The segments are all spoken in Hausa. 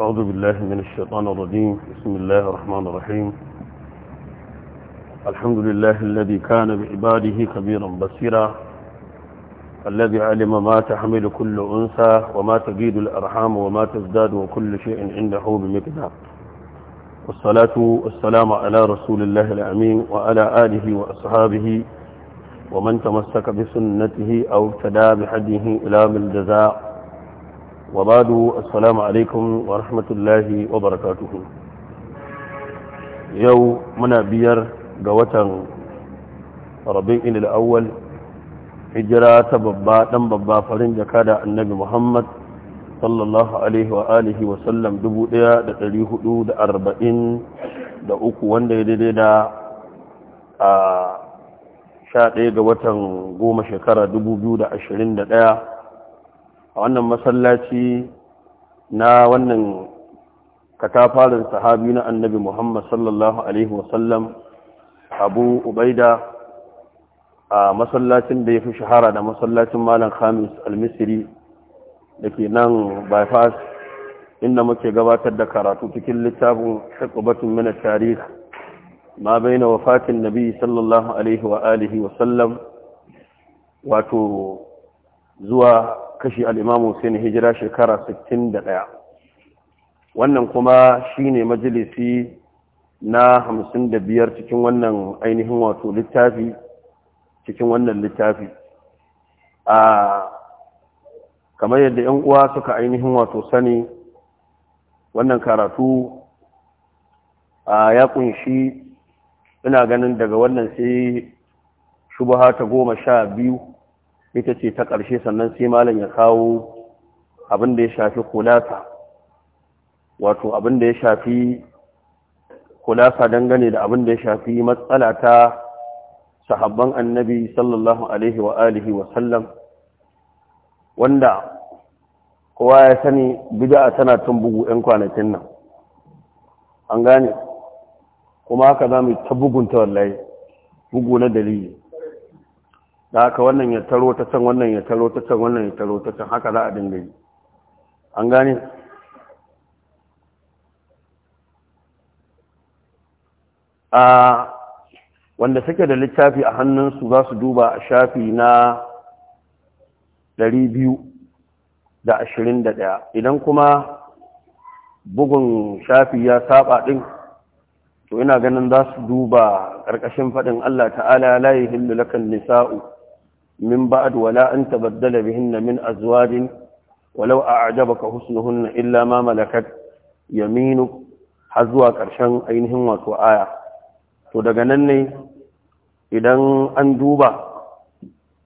أعوذ بالله من الشيطان الرجيم بسم الله الرحمن الرحيم الحمد لله الذي كان بعباده كبيرا بصيرا الذي علم ما تحمل كل أنثى وما تجيد الأرحام وما تزداد وكل شيء عنده بمقدار والصلاة والسلام على رسول الله الأمين وعلى آله وأصحابه ومن تمسك بسنته أو ابتدى بحده إلى من جزاء وبعد السلام عليكم ورحمة الله وبركاته يو منا بير قوة ربيع الأول هجرة ببا دم ببا فرنجة كاد النبي محمد صلى الله عليه وآله وسلم دبو ديا دقليه دو دا أربعين دا أكو وان دي دي دا آه شاء دي قوة قوم شكرة دبو بيو دا أشرين دا ديا a wannan masallaci na wannan katafarin sahabi na annabi Muhammad sallallahu Alaihi wasallam abu ubaida a masallacin da ya fi shahara da masallacin malam khamis al-misri da ke nan bypass inda muke gabatar da karatu cikin littafin shakubatun mina tarih ma bai na wafatin nabi sallallahu alaihi wa wasallam wato zuwa kashi al'imam Hussein hijira shekara 61 wannan kuma shine majalisi na 55 cikin wannan ainihin wato littafi cikin wannan littafi a kamar yadda ‘yan uwa suka ainihin wato sani wannan karatu a ya kunshi ina ganin daga wannan sai shubaha ta goma sha biyu ita ce ta ƙarshe sannan sai malam ya kawo abin da ya shafi kulasa wato abin da ya shafi kulasa dangane da abin da ya shafi matsala ta sahabban annabi sallallahu alaihi wa alihi wa sallam wanda kowa ya sani bid'a tana tun bugu 'yan kwanakin nan an gane kuma haka za mu ta bugunta wallahi bugu na dalili da haka wannan ya taro ta can wannan ya taro ta can wannan ya taro ta can haka za a dinga yi an gane a wanda suke da littafi a hannunsu za su duba a shafi na 221 idan kuma bugun shafi ya saba din to ina ganin za su duba ƙarƙashin faɗin Allah ta'ala la yahillu lakan nisa'u من بعد ولا أن تبدل بهن من أزواج ولو أعجبك حسنهن إلا ما ملكت يمينك حزوا كرشان أينهم وتوآية تدغنني idan an duba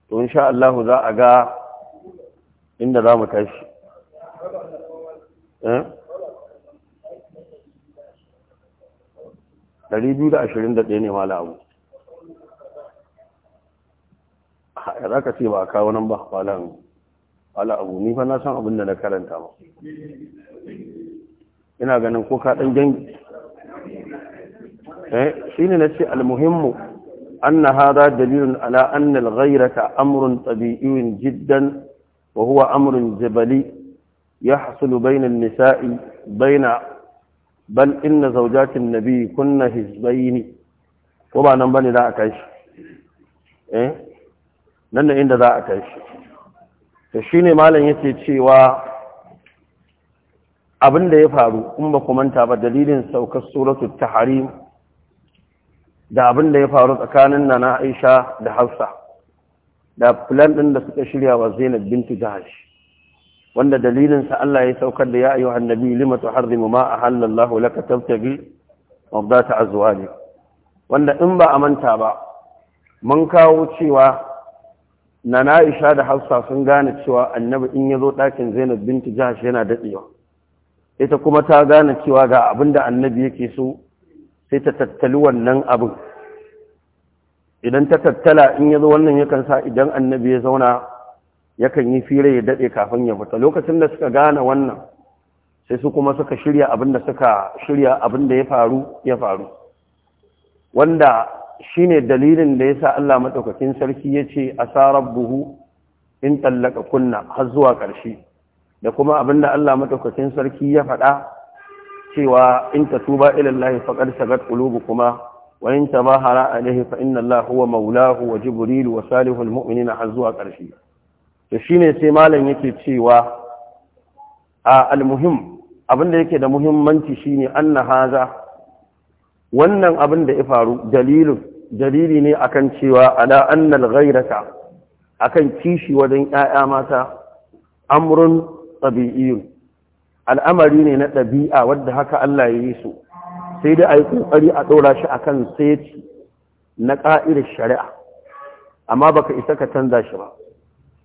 to insha Allah za a ga inda za mu tashi eh 221 ne mala abu ya za ka ce ba a kawo nan ba malam ala abu ni fa na san abin da na karanta ba ina ganin ko ka dan gangi eh shine nace almuhimmu anna hadha dalilun ala anna alghayrata amrun tabi'iyyun jiddan wa huwa amrun jabali yahsulu bayna an-nisa'i bayna bal inna zawjati an-nabi kunna hizbayn ko ba nan bane da aka shi eh nan da inda za a tashi shi shine malam yake cewa abin da ya faru in ba ku manta ba dalilin saukar suratu tahrim da abin da ya faru tsakanin nana Aisha da Hafsa da filan ɗin da suka shirya wa Zainab bintu Jahash wanda dalilinsa Allah ya saukar da ya ayyuha annabi lima tuharrimu ma ahallallahu laka tabtagi mabdata azwali wanda in ba a manta ba mun kawo cewa na na'isha da hafsa sun gane cewa annabi in ya zo ɗakin zainab binti jahash yana daɗewa ita kuma ta gane cewa ga abin da annabi yake so sai ta tattali wannan abin idan ta tattala in ya zo wannan yakan sa idan annabi ya zauna yakan yi fira ya daɗe kafin ya fita lokacin da suka gane wannan sai su kuma suka shirya abin da suka shirya abin da ya faru ya faru wanda shine dalilin da ya sa Allah madaukakin sarki yace buhu in tallaka kunna har zuwa ƙarshe da kuma abinda Allah madaukakin sarki ya faɗa cewa in tatuba ila Allah faqad sagat Kuma, wa in tabahara alayhi fa inna Allah huwa maulahu wa jibril wa salihul mu'minina har zuwa ƙarshe to ne sai malam yake cewa a almuhim abinda yake da muhimmanci shine anna haza wannan abin da ya faru dalilin dalili ne akan cewa ala annal ghairata akan kishi wajen 'ya'ya mata amrun tsabi'iyun. al'amari ne na ɗabi'a wadda haka Allah ya yi su sai dai a yi ƙoƙari a ɗora shi akan sayaci na ƙa'idar shari'a amma baka isa ka canza shi ba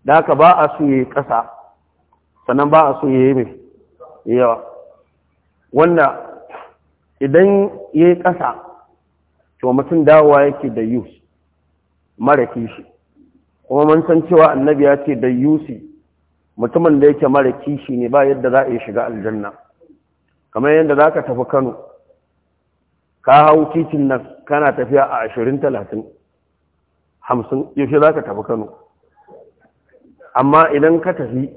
da haka ba a so yi ƙasa sannan ba a so yi mai yawa wanda idan yi ƙasa to mutum dawowa yake da yus mara kishi kuma mun san cewa annabi ya ce da yusi mutumin da yake mara kishi ne ba yadda za a yi shiga aljanna kamar yadda za ka tafi kano ka hau titin nan kana tafiya a ashirin talatin hamsin yaushe za ka tafi kano amma idan ka tafi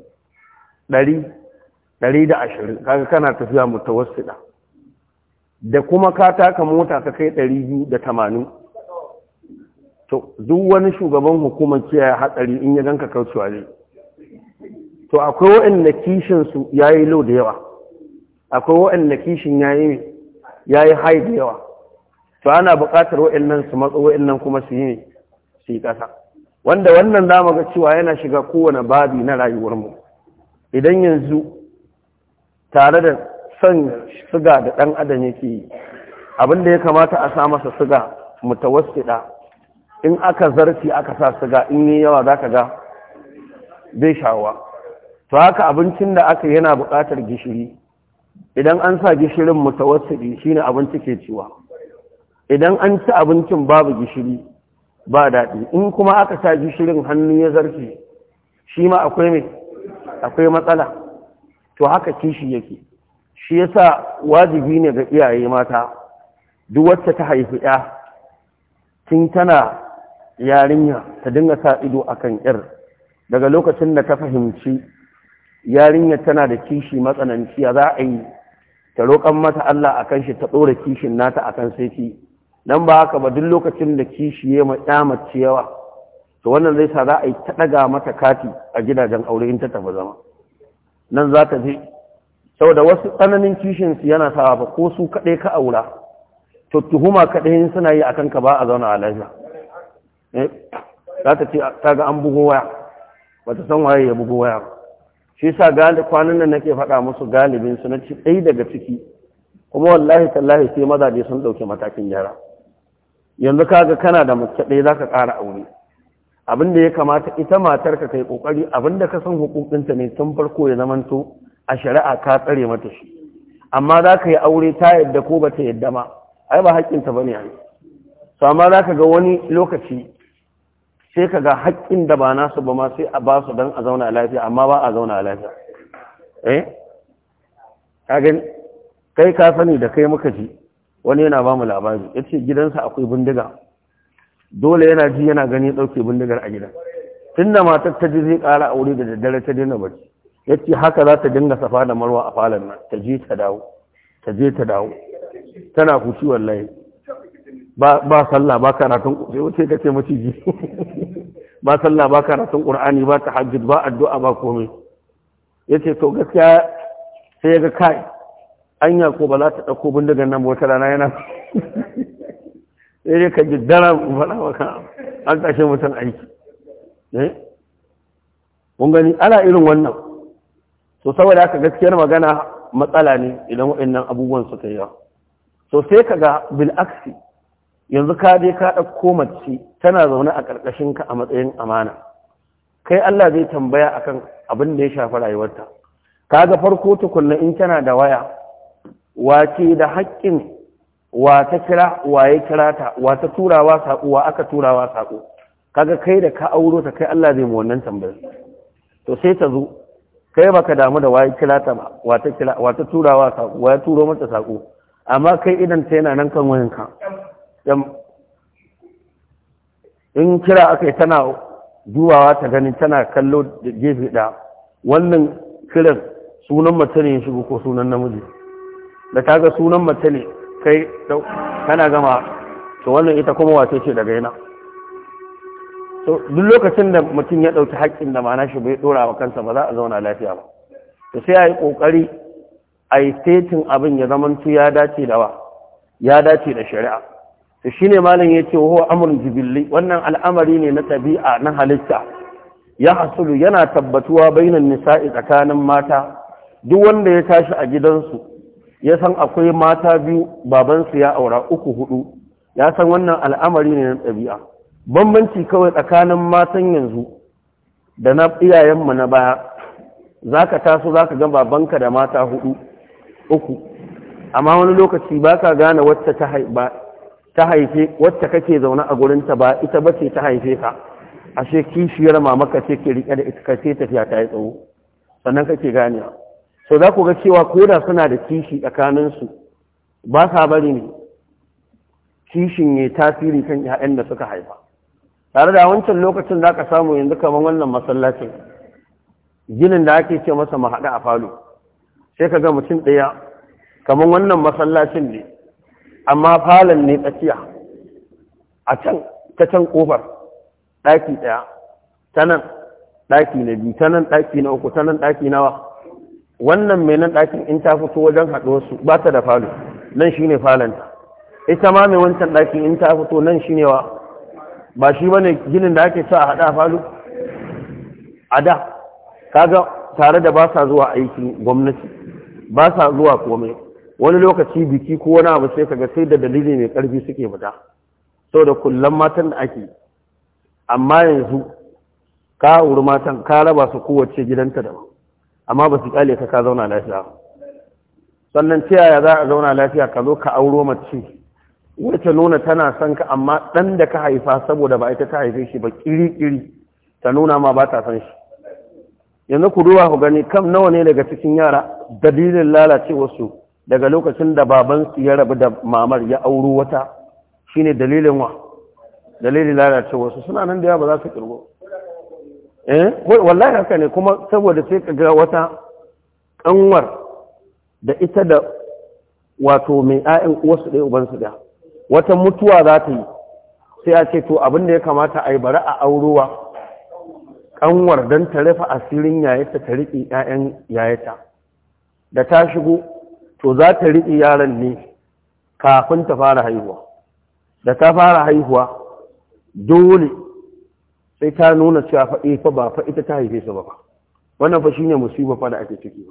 ɗari ɗari da ashirin kaga kana tafiya mutawassida da kuma ka taka mota ka kai biyu da tamanin. to duk wani shugaban hukumar kiyaye hatsari in ya ganka kaucewa ne to akwai waɗanda kishinsu ya yi low da yawa akwai waɗanda kishin ya yi high da yawa to ana buƙatar waɗannan su matsa waɗannan kuma su yi ne su yi ƙasa wanda wannan za mu ga cewa yana shiga kowane babi na rayuwarmu idan yanzu tare da son suga da ɗan adam yake yi abin da ya kamata a sa masa siga mutawassida in aka zarfi aka sa suga in yi yawa za ka ga bai shawa to haka abincin da aka yana buƙatar gishiri idan an sa gishirin mutawassidi shine abinci ke ciwa idan an ci abincin babu gishiri ba daɗi in kuma aka sa gishirin hannu ya zarfi shi ma akwai matsala to haka kishi yake shi yasa wajibi ne ga iyaye mata duk wacce ta haifi ya tun tana yarinya ta dinga sa ido akan yar daga lokacin da ta fahimci yarinya tana da kishi matsananciya za a yi ta roƙon mata Allah akan shi ta ɗora kishin nata a kan sai nan ba haka ba duk lokacin da kishi ya mace yawa to wannan zai sa za a yi ta ɗaga mata kati a gidajen aure in ta tafi zama nan za ta je saboda wasu tsananin kishinsu yana sa ba ko su kaɗai ka aura to kaɗai suna yi akan ka ba a zauna a lafiya eh, za ta ce ta ga an bugo waya ba ta san waye ya bugo waya shi sa kwanan nan nake faɗa musu galibin su na ci ɗai daga ciki kuma wallahi tallahi sai maza mazaje sun ɗauki matakin gyara yanzu kaga kana da mace ɗaya za ka ƙara aure abin da ya kamata ita matar ka kai ƙoƙari abin da ka san hukukinta ne tun farko ya zamanto a shari'a ka tsare mata shi amma za ka yi aure ta yadda ko ba ta yadda ma ai ba haƙƙinta ba ne a su amma za ka ga wani lokaci sai ka ga haƙƙin da ba nasu ba ma sai a ba su don a zauna a lafiya amma ba a zauna a lafiya eh kagan kai ka sani da kai muka ji wani yana ba mu labari ya ce gidansa akwai bindiga dole yana ji yana gani ɗauke bindigar a gidan tun da matar ta ji zai ƙara aure da daddare ta daina barci Yace haka za ta dinga safa da marwa a falon nan ta je ta dawo ta je ta dawo tana kuci wallahi ba sallah ba karatun sai wace ka ce maciji ba sallah ba karatun qur'ani ba tahajjud ba addu'a ba komai yace to gaskiya sai ga kai anya ko ba za ta dauko bindigan nan wata rana yana sai ka ji dara fada maka an tashe mutum aiki eh mun gani ala irin wannan so saboda haka gaskiyar magana matsala ne idan waɗannan abubuwan suka yi so sai ka ga bil'aksi yanzu ka je ka ɗauko mace tana zaune a ƙarƙashin ka a matsayin amana kai Allah zai tambaya akan abin da ya shafi rayuwarta Ka ga farko tukunna in tana da waya wace da haƙƙin wa ta kira wa ya kira ta wa ta turawa saƙo wa aka turawa saƙo kaga kai da ka auro ta kai Allah zai mu wannan tambayar to sai ta zo kai baka damu da waye kira ta ba wata kira wata turawa ka waye turo mata sako amma kai idan ta yana nan kan wayanka in kira akai tana duwawa ta gani tana kallo da gefe da wannan kiran sunan mace ne ya shigo ko sunan namiji da ta ga sunan mace ne kai kana gama to wannan ita kuma wace ce daga yana to duk lokacin da mutum ya ɗauki haƙƙin da ma'ana shi bai ɗora wa kansa ba za a zauna lafiya ba to sai a yi ƙoƙari a yi setin abin ya zamantu ya dace da wa ya dace da shari'a to shine malam ya ce huwa amrun jibilli wannan al'amari ne na ɗabi'a na halitta ya hasulu yana tabbatuwa bainan nisa'i tsakanin mata duk wanda ya tashi a gidansu ya san akwai mata biyu babansu ya aura uku hudu ya san wannan al'amari ne na ɗabi'a bambanci kawai tsakanin matan yanzu da na iyayenmu na baya za ka taso za ka ga babanka da mata hudu uku amma wani lokaci ba ka gane wacce ta haife wacce kake zaune a gurinta ba ita ba ce ta haife ka ashe kishiyar mamaka ce ke rike da ita kace tafiya ta yi tsawo sannan kake gane so za ku ga cewa ko da suna da kishi tsakaninsu ba sa bari ne kishin ya tasiri kan 'ya'yan da suka haifa tare da wancan lokacin da aka samu yanzu kamar wannan masallacin ginin da ake ce masa mahaɗa a falo sai ka ga mutum ɗaya kamar wannan masallacin ne amma falon ne tsakiya a can ta can ƙofar ɗaki ɗaya ta nan ɗaki na biyu ta nan ɗaki na uku ta nan ɗaki nawa wannan mai nan ɗakin in ta fito wajen su ba ta da falo nan shine falonta ita ma mai wancan ɗakin in ta fito nan shine wa ba shi bane ginin da ake sa a hada falo? a da kaga tare da ba sa zuwa aikin gwamnati ba sa zuwa komai wani lokaci biki ko wani abu sai kaga sai da dalili mai karfi suke fita da kullum matan da ake amma yanzu ka wuri matan ka raba su kowace gidanta ba, amma ba su kyale ka ka zauna lafiya sannan ta yaya za a zauna lafiya ka zo ka auro mace wata nuna tana son ka amma ɗan da ka haifa saboda ba ita ta haife shi ba ƙiri-ƙiri ta nuna ma ba ta son shi yanzu ku duba ku gani kam nawa ne daga cikin yara dalilin wasu daga lokacin da babansu ya rabu da mamar ya auro wata shine dalilin wa dalilin wasu suna nan da yawa ba za su kirgo eh wallahi haka ne kuma saboda sai ka ga wata kanwar da ita da wato mai ayin wasu ɗaya ubansu ɗaya wata mutuwa za ta yi sai a ce to abin da ya kamata a yi bari a auruwa ƙanwar don ta rufe asirin yayata ta riƙe 'ya'yan yayata da ta shigo to za ta riƙe yaran ne kafin ta fara haihuwa da ta fara haihuwa dole sai ta nuna cewa faɗi eh, fa ba fa ita ta haife su ba ba wannan fa shine musiba fa da ake ciki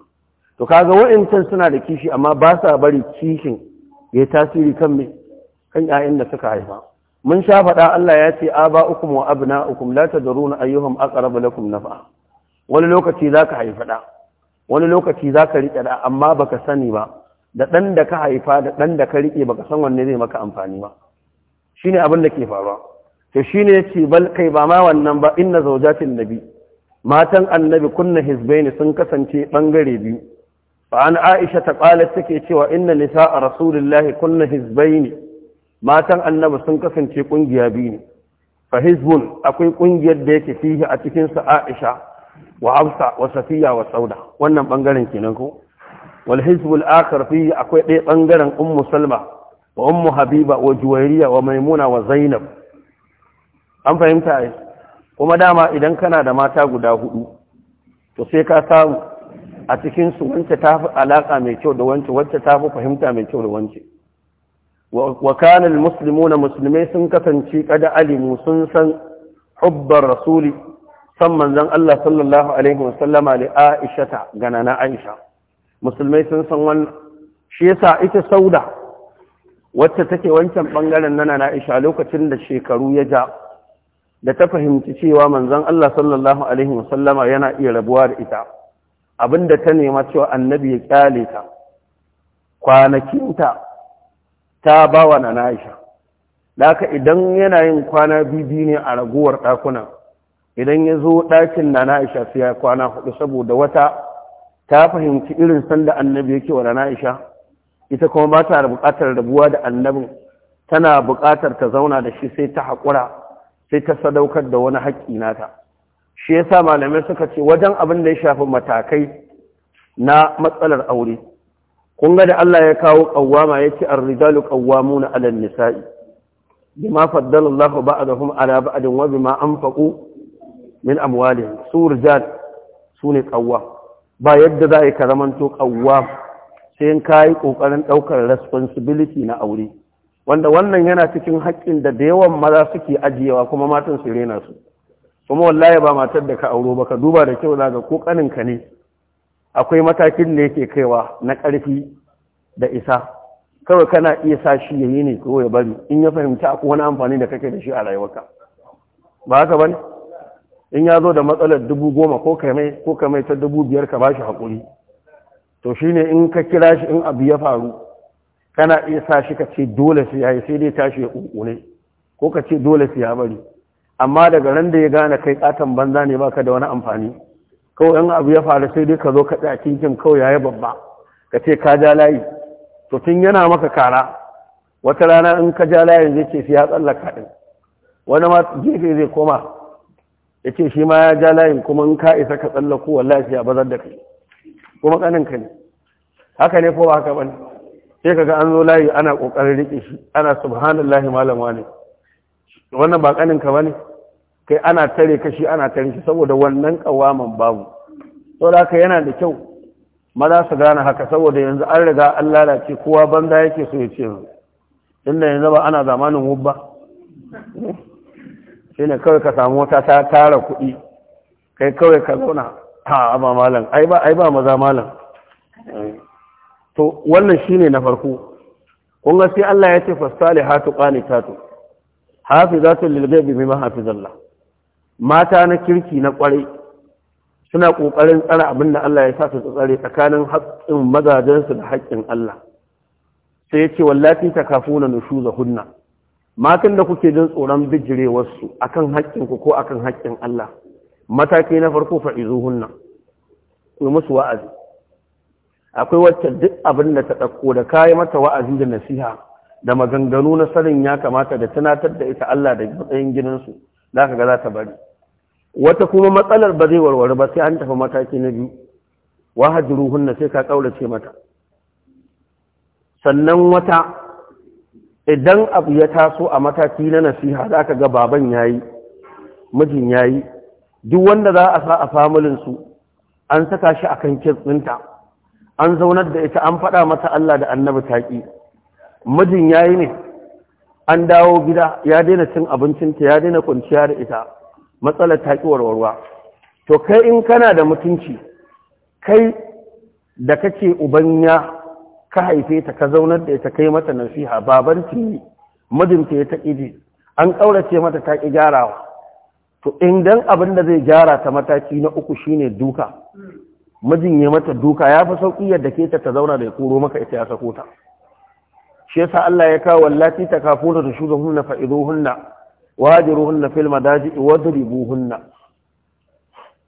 to kaga wa'ancan suna da kishi amma ba sa bari kishin ya tasiri kan me kan yayan da suka haifa mun sha faɗa Allah ya ce aba'ukum wa abna'ukum la ayyuhun ayyuhum aqrabu na naf'a wani lokaci ka haifa da wani lokaci zaka rike da amma baka sani ba da ɗan da ka haifa da ɗan da ka rike baka san wanne zai maka amfani ba ne abin da ke faruwa to shine yace bal kai ba ma wannan ba inna zawjatin nabi matan annabi kunna ne sun kasance bangare biyu fa an aisha ta kala take cewa inna nisa a rasulullahi kunna ne. matan annabi sun kasance kungiya biyu ne fa hizbun akwai kungiyar da yake fihi a cikin sa Aisha wa Hafsa wa Safiya wa Sauda wannan bangaren kenan ko wal hizbul akhar fihi akwai ɗaya bangaren ummu Salma wa ummu Habiba wa Juwairiya wa Maimuna wa Zainab an fahimta ai kuma dama idan kana da mata guda hudu to sai ka samu a cikin su ta fi alaka mai kyau da wancan, wacce ta fi fahimta mai kyau da wancan. wa kana sun kasance kada alimu sun san hubbar rasuli san manzon Allah sallallahu alaihi wasallama li Aisha ga nana Aisha musulmai sun san wannan shi yasa ita sauda wacce take wancan bangaren nana Aisha lokacin da shekaru ya ja da ta fahimci cewa manzon Allah sallallahu alaihi wasallama yana iya rabuwa da ita abinda ta nema cewa annabi ya kyale ta kwanakinta ta ba wa na Aisha aka idan yana yin kwana bibi ne a raguwar ɗakuna idan ya zo ɗakin na Aisha sai ya kwana hudu saboda wata ta fahimci irin sanda annabi yake wa na Aisha ita kuma ba ta buƙatar rabuwa da annabin tana buƙatar ta zauna da shi sai ta haƙura sai ta sadaukar da wani haƙƙi nata shi sa malamai suka ce wajen abin da ya shafi matakai na matsalar aure kun ga da Allah ya kawo ya ci an rijalu qawwamuna na alal nisai ma faddala Allah ba a ba'dahum 'ala ba'din ma an faƙo min amwalihim su rijal ne qawwam ba yadda za a yi karamanto qawwam sai in kayi ƙoƙarin ɗaukar responsibility na aure wanda wannan yana cikin haƙƙin da da yawan maza suke ajiyewa kuma matan su rena su kuma wallahi ba matar da ka auro ba ka duba da kyau daga ko ka ne akwai matakin da yake kaiwa na ƙarfi da isa kawai kana iya sa shi ya yi ne ko ya bari in ya fahimci akwai wani amfani da kake da shi a rayuwarka ba haka bane in ya zo da matsalar dubu goma ko kamai ko kamai ta dubu biyar ka ba shi haƙuri to shi ne in ka kira shi in abu ya faru kana iya sa shi ka ce dole sai ya yi sai dai tashi ya ƙunƙune ko ka ce dole sai ya bari amma daga ran da ya gane kai katon banza ne baka da wani amfani kawai yan abu ya faru sai dai ka zo kaɗa a kinkin kawai yayi babba ka ce ka ja layi to tun yana maka kara wata rana in ka ja layin zai ce sai ya tsallaka ɗin wani ma gefe zai koma ya ce shi ma ya ja layin kuma in ka isa ka tsallaku wallahi sai ya bazar da kai kuma ka ne haka ne ba haka bane sai kaga an zo layi ana kokarin rike shi ana subhanallahi malam wani wannan ba ka bane kai ana tare kashi ana tare shi saboda wannan kawaman babu saboda haka yana da kyau maza su gane haka saboda yanzu an riga an lalace kowa banza yake so ya ce inda yanzu ba ana zamanin wubba. shi ne kawai ka samu wata ta tara kuɗi kai kawai ka zauna ha ba malam ai ba ai ba maza malam to wannan shine na farko kun ga sai Allah ya ce fasalihatu qanitatu hafizatun lilghaibi bima hafizallah mata na kirki na kwarai suna ƙoƙarin tsara abin da Allah ya sa su tsare tsakanin haƙƙin mazajensu da haƙƙin Allah sai ya ce wallafi ta kafu na nushu hunna matan da kuke jin tsoron bijirewarsu akan haƙƙinku ko akan haƙƙin Allah mataki na farko fa'izu hunna ku musu wa'azi akwai wacce duk abin da ta ɗauko da kayi mata wa'azi da nasiha da maganganu na sanin ya kamata da tunatar da ita Allah da matsayin gidansu za ka ga za ta bari wata kuma matsalar ba zai warware ba sai an tafi mataki na biyu na sai ka kaurace mata sannan wata idan abu ya taso a mataki na nasiha za ka ga baban yayi mijin yayi duk wanda za a sa a familinsu an saka shi a akan kirtsinta an zaunar da ita an faɗa mata Allah da annabi taƙi mijin yayi ne an dawo gida ya daina cin abincinta ya daina kwanciya da ita matsalar ta ki warwarwa to kai in kana da mutunci kai da kake ubanya ka haife ta ka zaunar da ta kai mata nasiha baban tini mijinta ya ta ƙiji an ƙaurace mata ta ƙi gyarawa to in dan abin da zai gyara ta mataki na uku shine duka mijin ya mata duka ya fi sauƙi yadda ke ta zauna da ya koro maka ita ya sako ta shi yasa Allah ya kawo wallafi ta kafura da shugaban na fa'idohunna daji fil madaji wadribuhunna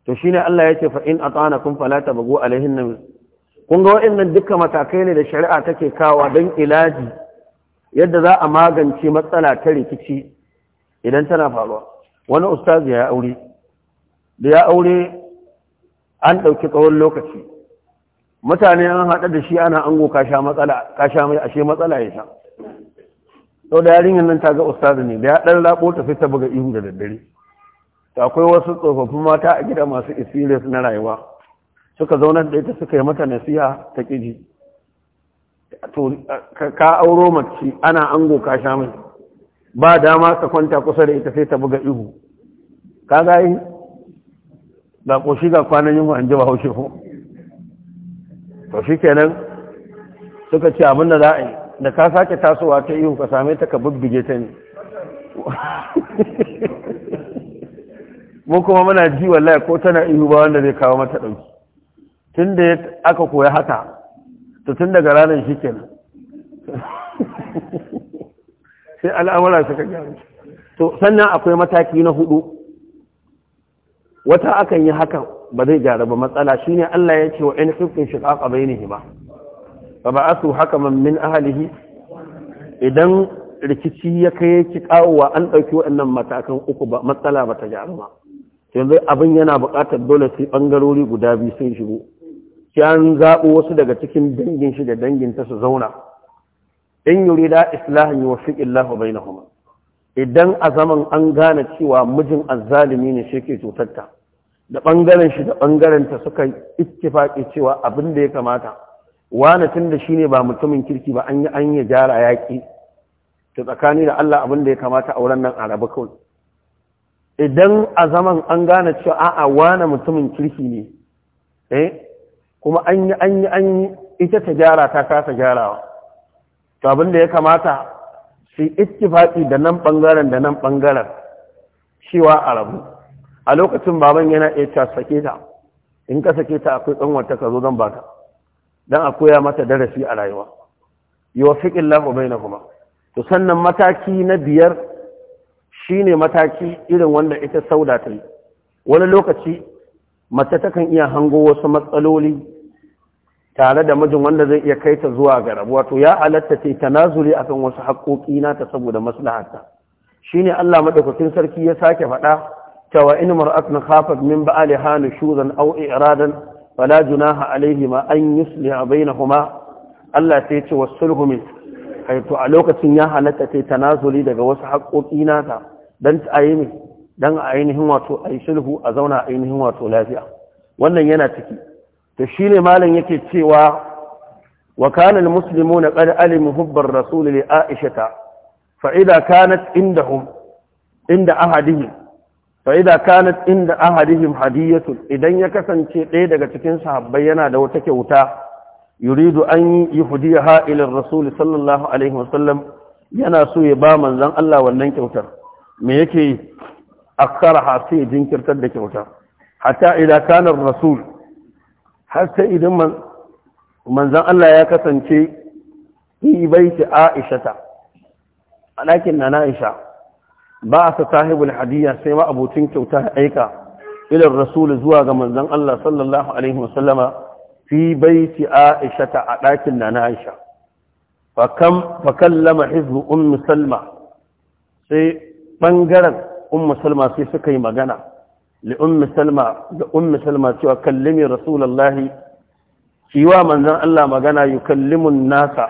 to shine Allah yace fa in atanakum fala tabghu alaihinna kun ga wa'annan duka matakai ne da shari'a take kawa don ilaji yadda za a magance matsala ta rikici idan tana faruwa wani ustazi ya aure da ya aure an ɗauki tsawon lokaci mutane an haɗa da shi ana ango kasha matsala kasha mai ashe matsala ya sha sau da yarinyar nan ta ga ustazu ne da ya ɗan laɓo ta fi buga ihu da daddare ta akwai wasu tsofaffin mata a gida masu isiris na rayuwa suka zaunar da ita suka yi mata nasiha ta ƙiji to ka auro mace ana ango ka sha mai ba dama ka kwanta kusa da ita sai ta buga ihu ka ga yi ga ga kwanan yunwa an ba haushe ko to shi kenan suka ce abin da za a yi da ka sake tasowa ta ihu ka same ta ka bubbige ta ne mu kuma muna ji wallahi ko tana ihu ba wanda zai kawo mata ɗauki tun da aka koya haka to tun daga ranar shi kenan sai al'amura suka gyara. to sannan akwai mataki na hudu wata akan yi hakan ba zai gyara ba matsala shine Allah ya ce wa in khiftum shiqaqa bainihima fa asu hakaman min ahlihi idan rikici ya kai ki kawowa an ɗauki waɗannan matakan uku ba matsala ba ta jaruma. ba yanzu abin yana buƙatar dole sai bangarori guda biyu sun shigo ki an wasu daga cikin dangin shi da dangin ta su zauna in yurida islahan na bainahuma idan a zaman an gane cewa mijin azzalimi ne shi ke cutarta da ɓangaren shi da ɓangaren ta suka yi ittifaƙi cewa abin da ya kamata wani tun da shi ne ba mutumin kirki ba an yi an yi jara yaƙi ta tsakani da Allah abin da ya kamata a wurin nan a rabu kawai idan a zaman an gane cewa a'a wani mutumin kirki ne eh kuma an yi an yi an yi ita ta gyara ta kasa gyarawa to abin da ya kamata su ittifaqi da nan bangaren da nan bangaren cewa a rabu a lokacin baban yana iya ta sake ta in ka sake ta akwai tsanwar ta ka zo zan baka dan a koya mata darasi a rayuwa na kuma. to sannan mataki na biyar shine mataki irin wanda ita sauda ta yi wani lokaci mace takan iya hango wasu matsaloli tare da mijin wanda zai iya kai ta zuwa ga rabuwa to ya halatta ce tanazuli akan wasu haƙoƙi ta saboda maslahata shine Allah madaukakin sarki ya sake faɗa cewa in mar'atun khafat min ba'aliha nushuzan aw i'radan fala junaha alaihima an na bainahuma Allah sai ce wasulhu min to a lokacin ya halatta ta tanazuli daga wasu haƙoƙi nata dan ta ayi mai dan a ainihin wato ayi sulhu a zauna ainihin wato lafiya wannan yana ciki to ne malam yake cewa wa kana na qad alimu hubbar rasul li aisha ta, fa'ida kanat indahum inda ahadihim kanat inda ahadihim hadiyatu idan ya kasance ɗaya daga cikin sahabbai yana da wata kyauta yuridu an yuhdiha ila ar-rasul sallallahu alaihi wasallam yana so ya ba manzon Allah wannan kyautar me yake akaraha sai jinkirtar da kyautar hatta idza kana rasul har sai idan manzon Allah ya kasance fi baiti Aisha ta alakin na Aisha ba a sahibul hadiyya sai ma abocin kyauta aika ilar rasul zuwa ga manzon Allah sallallahu alaihi wasallama fi baiti Aisha ta a ɗakin nana Aisha fa kam fa kallama hizbu ummu Salma sai bangaren ummu Salma sai suka yi magana li ummu Salma da ummu Salma cewa kallimi rasulullahi kiwa manzon Allah magana yukallimun nasa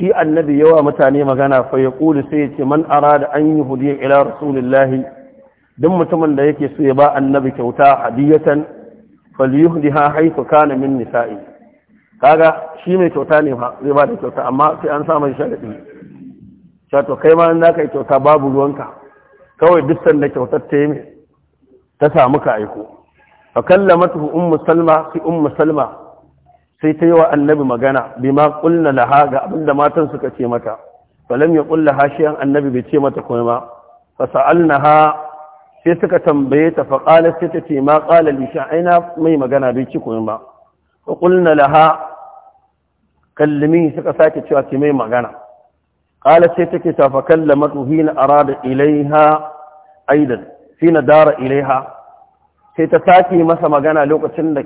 shi annabi yawa mutane magana fa ya kuli sai ya ce man arada an yi ya ila rasulillahi duk mutumin da yake so ya ba annabi kyauta hadiyatan falyuhdiha haythu kana min nisa'i kaga shi mai kyauta ne fa zai ba da kyauta amma sai an sa mai sharadi to kai ma in zaka yi kyauta babu ruwanka kawai duk sanda kyautar ta yi ta samu ka aiko fa kallamatu ummu salma fi ummu salma sai ta yi wa annabi magana bima ƙulla laha ga abin da matan suka ce mata falam ya ƙulla hashiyan annabi bai ce mata kuma ma fasa'alnaha sai suka tambaye ta faƙalar sai ta ce ma ƙalar lishan aina mai magana bai ci koyin ba fa laha kallimi suka sake cewa ki mai magana ƙalar sai take ta fa kallama tuhi na arada ilaiha aidan fi dara ilaiha sai ta sake masa magana lokacin da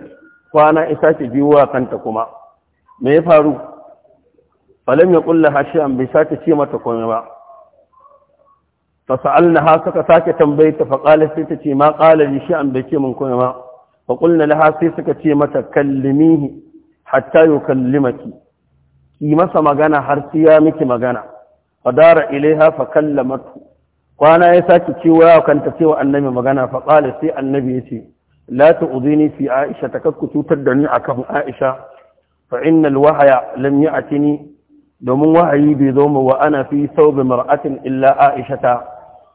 kwana isa ce biyu wa kanta kuma me ya faru falam ya kulla hashiyan bai sake ce mata komai ba fa ha suka sake tambayta ta fa qala sai ta ce ma qala shi an bai ce mun komai ba fa qulna laha sai suka ce mata kallimihi hatta yukallimaki ki masa magana har sai ya miki magana fa dara ilaiha fa kallamatu kwana ya sake cewa kanta cewa annabi magana fa qala sai annabi yace la tu'dini fi aisha karku cutar da ni akan aisha fa wahaya, wahya lam ya'tini domin wahayi bai zo mu wa ana fi saubi mar'atin illa aisha ta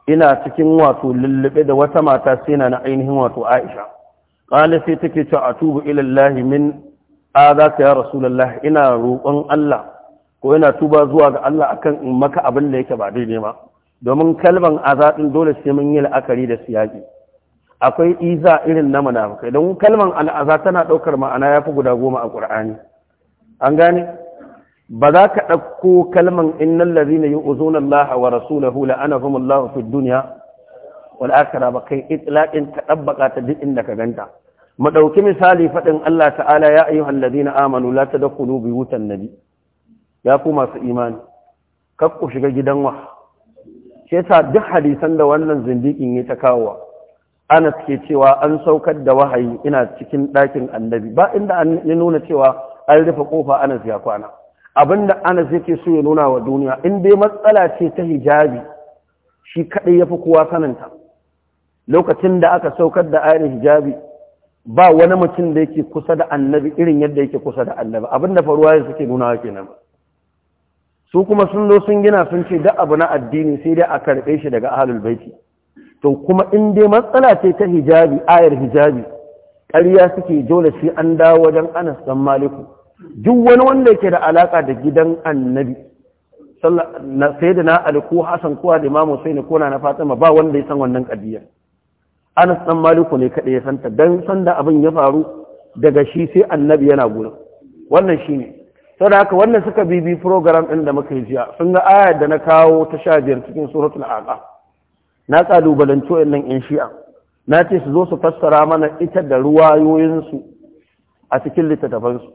ina cikin wato lullube da wata mata sai na ainihin wato aisha qala sai take cewa atubu ila allah min azaka ya rasulullah ina roƙon allah ko ina tuba zuwa ga allah akan in maka abin da yake ba daidai ba domin aza ɗin dole sai mun yi la'akari da siyaki akwai iza irin na munafukai don kalman al'aza tana ɗaukar ma'ana ya fi guda goma a ƙur'ani an gane ba za ka ɗauko kalman innan lazina yi uzun Allah wa rasulahu la'anahum Allah fi duniya wal akhira ba kai itlaqin ka dabbaka ta duk inda ka ganta mu ɗauki misali faɗin Allah ta'ala ya ayyuhal ladina amanu la tadkhulu buyutan nabi ya ku masu imani kakku shiga gidan wa shi yasa duk hadisan da wannan zindikin ya ta kawo anas ke cewa an saukar da wahayi ina cikin ɗakin annabi ba inda ya nuna cewa an rufe kofa anas ya kwana Abin da anas yake so ya nuna wa duniya in dai matsala ce ta hijabi shi kaɗai ya fi kowa sananta lokacin da aka saukar da ayar hijabi ba wani mutum da yake kusa da annabi irin yadda yake kusa da annabi abinda faruwa ya suke nuna nan. su kuma sun zo sun gina sun ce duk abu na addini sai dai a karɓe shi daga ahlul baiti to kuma in dai matsala ce ta hijabi ayar hijabi ƙarya suke dole shi an dawo wajen anas dan maliku duk wani wanda yake da alaka da gidan annabi sai da na ali ko hasan ko imamu sai ko na fatima ba wanda ya san wannan ƙadiyar anas dan maliku ne kaɗai ya santa dan sanda abin ya faru daga shi sai annabi yana gurin wannan shi Sau saboda haka wannan suka bibi program ɗin da muka yi jiya sun ga ayar da na kawo ta sha biyar cikin suratul aqaf na ƙalubalanci wayannan yan shi'a na ce su zo su fassara mana ita da ruwayoyinsu a cikin littattafansu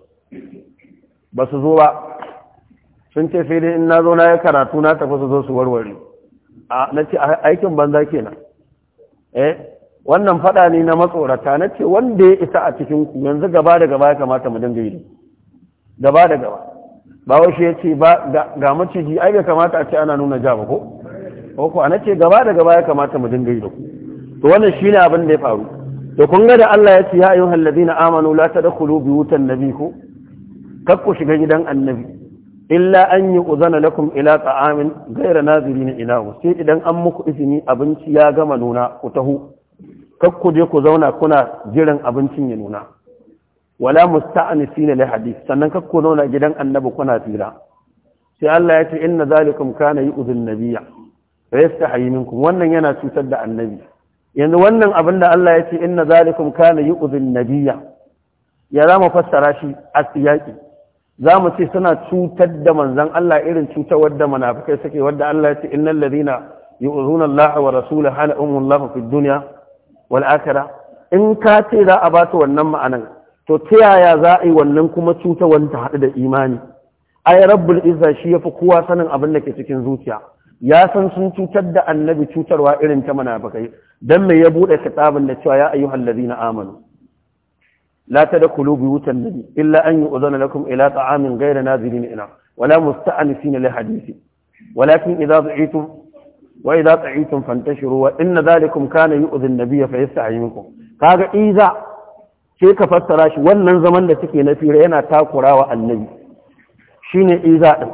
ba su zo ba sun ce sai dai in na zo na ya karatu na tafi su zo su warware a na ce aikin banza kenan eh wannan fada ne na matsorata na ce wanda ya isa a cikin yanzu gaba da gaba ya kamata mu dinga yi gaba da gaba ba wai shi ya ce ba ga maciji ai bai kamata a ce ana nuna ja ba ko ko ce gaba da gaba ya kamata mu dinga yi da ku to wannan shine abin da ya faru to kun ga da Allah ya ce ya ayyuhal ladina amanu la tadkhulu bi wutan ku? ko ku shiga gidan annabi illa an yi uzana lakum ila ta'amin gaira nazirina ina sai idan an muku izini abinci ya gama nuna ku taho ku je ku zauna kuna jiran abincin ya nuna wala musta'anisina li hadith sannan ku zauna gidan annabi kuna tsira sai Allah ya ce inna zalikum kana yu'zun nabiyya fa yastahi wannan yana cutar da annabi yanzu wannan abin da Allah ya ce inna zalikum kana yu'dhin nabiyya ya zama fassara shi a siyaki za mu ce suna cutar da manzon Allah irin cutarwar da munafikai suke Wadda Allah ya ce innal ladina yu'dhuna Allah wa rasulahu halahum Allah fi dunya wal akhirah in ka ce za a ba ta wannan ma'anan to ta yaya za a yi wannan kuma cutarwar ta hadu da imani ai rabbul izza shi yafi kowa sanin abin da ke cikin zuciya ya san sun cutar da annabi cutarwa irin ta mana munafikai dan me ya bude kitabun da cewa ya ayyuhal ladina amanu la tadkhulu buyutan nabi illa an yu'zana lakum ila ta'amin ghayra nazirin ina wala musta'anisina li hadisi walakin idza du'itum wa idza ta'itum fantashiru wa inna dhalikum kana yu'zi an-nabiy fa yasta'yinukum kaga idza Ke ka fassara shi wannan zaman da take na fira yana takurawa annabi shine idza din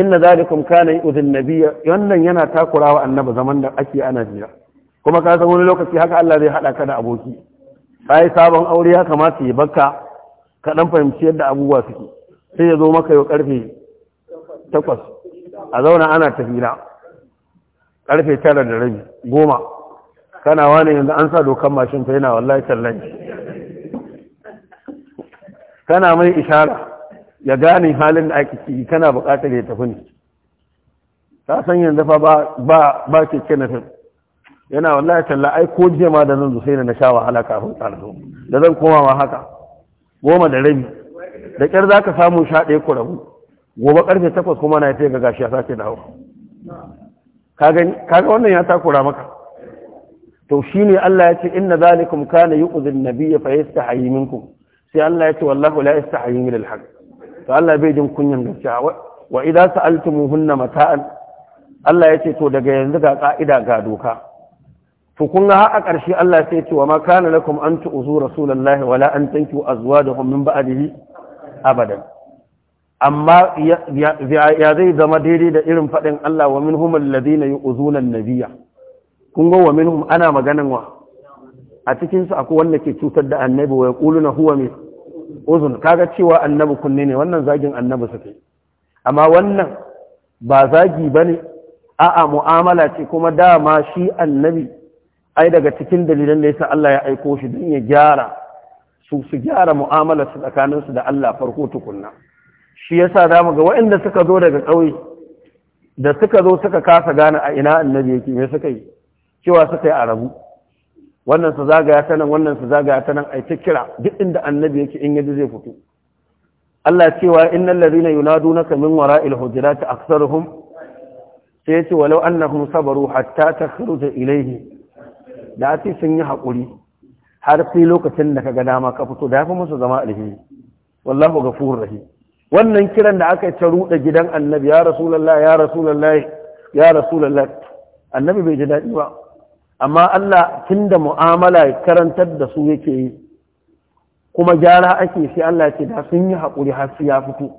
inna zalikum kana yu'dhin nabiyya wannan yana takurawa annabi zaman da ake ana jira kuma ka san wani lokaci haka Allah zai hada ka da aboki sai sabon aure ya kamata ya baka ka dan fahimci yadda abubuwa suke sai ya zo maka yau karfe 8 a zauna ana tafira karfe 9 da rabi 10 kana wani yanzu an sa dokan mashin fa yana wallahi tallahi kana mai isharar ya gane halin da ake ciki kana buƙatar ya tafi ne ta san yanzu fa ba ba keke na yana wallahi talla ai ko jiya ma da zan zo sai na sha wahala kafin karatu da zan koma ma haka goma da rabi da kyar za ka samu sha ɗaya ku rabu gobe karfe takwas kuma na fiye ga gashi a sace dawo kaga wannan ya takura maka to shine Allah ya ce inna zalikum kana yi an-nabiyya fa yastahi minkum sai Allah ya ce wallahu la yastahi min al-haqq to Allah bai jin kunyan gaskiya wa idza sa'altumuhunna mata'an Allah ya ce to daga yanzu ga ka'ida ga doka to kun ga a ƙarshe Allah sai ce wa ma kana lakum an tu'zu rasulullahi wala an tanku azwajuhum min ba'dihi abadan amma ya zai zama daidai da irin faɗin Allah wa min humar ladina yi uzunan kun ga wa min ana maganan wa a cikinsu akwai wanda ke cutar da annabi wa ya na huwa mai uzun kaga cewa annabi kunne ne wannan zagin annabi suke amma wannan ba zagi ba ne. a'a mu'amala ce kuma dama shi annabi ai daga cikin dalilan da yasa Allah ya aiko shi don ya gyara su su gyara mu'amala su tsakanin su da Allah farko tukunna shi yasa mu ga waɗanda suka zo daga ƙauye da suka zo suka kasa gane a ina annabi yake me suka yi cewa suka yi a rabu wannan su zagaya ta nan wannan su zagaya ta nan ai ta kira duk inda annabi yake in yaji zai fito Allah cewa innal ladina yunadunaka min wara'il hujurati aktsaruhum sai yace walau annahum sabaru hatta takhruja ilayhi da ati sun yi hakuri har sai lokacin da kaga dama ka fito da yafi musu zama alheri wallahu ghafurur rahim wannan kiran da aka ta ruda gidan annabi ya rasulullahi ya rasulullahi ya rasulullahi annabi bai ji dadi ba amma Allah tun da mu'amala ya karantar da su yake yi kuma gyara ake sai Allah ce da sun yi haƙuri har su ya fito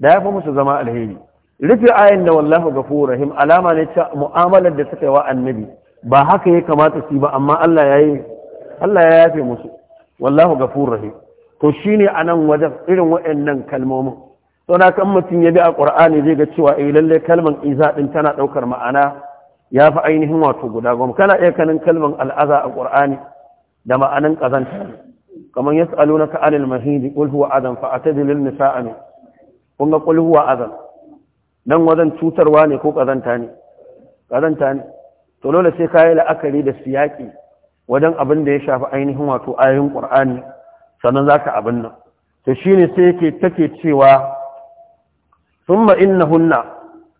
da ya fi musu zama alheri rufe ayan da wallahu gafurur rahim alama ne ta mu'amalar da suka yi wa annabi ba haka ya kamata su ba amma Allah ya yi Allah ya yafe musu wallahu gafurur rahim to shine nan wajen irin waɗannan kalmomin to na kan mutum ya bi a ƙwar'ani zai ga cewa eh lallai kalman iza ɗin tana ɗaukar ma'ana ya fi ainihin wato guda goma kana iya kanin kalman al'aza a ƙur'ani da ma'anin ƙazanta kamar ya tsalo na ka'anil mahidi ƙulhuwa azan fa a ta dilin nisa'a ne kun ga ƙulhuwa azan nan wajen cutarwa ne ko ƙazanta ne ƙazanta ne to dole sai ka la'akari da siyaƙi wajen abin da ya shafi ainihin wato ayoyin ƙur'ani sannan za ka abin nan to ne sai yake take cewa na hunna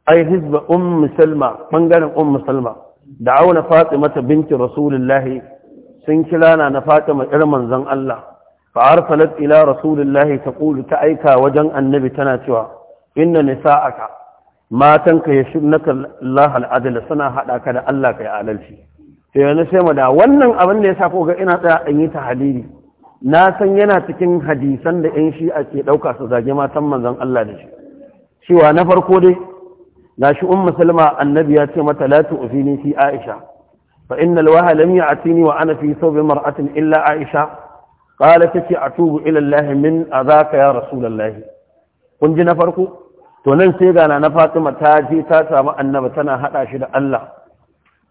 ai hizba ummu salma bangaren ummu salma da auna mata binti rasulullahi sun kira na na fatima yar manzan Allah fa arsalat ila ta taqulu ta aika wajen annabi tana cewa inna nisa'aka matanka yashunaka Allah al-adl sana hada ka da Allah kai adalci sai wani sai mu da wannan abin da yasa ko ga ina tsaya in yi hadiri. na san yana cikin hadisan da yan shi'a ke dauka su zage matan manzan Allah da shi cewa na farko dai gashi ummu salma annabi ya ce mata la tu'fini fi aisha fa inna alwaha lam ya'tini wa ana fi sawbi mar'atin illa aisha qalat tace atubu ila allah min adaka ya rasulullahi kun ji na farko to nan sai gana na fatima ta je ta samu annabi tana hada shi da Allah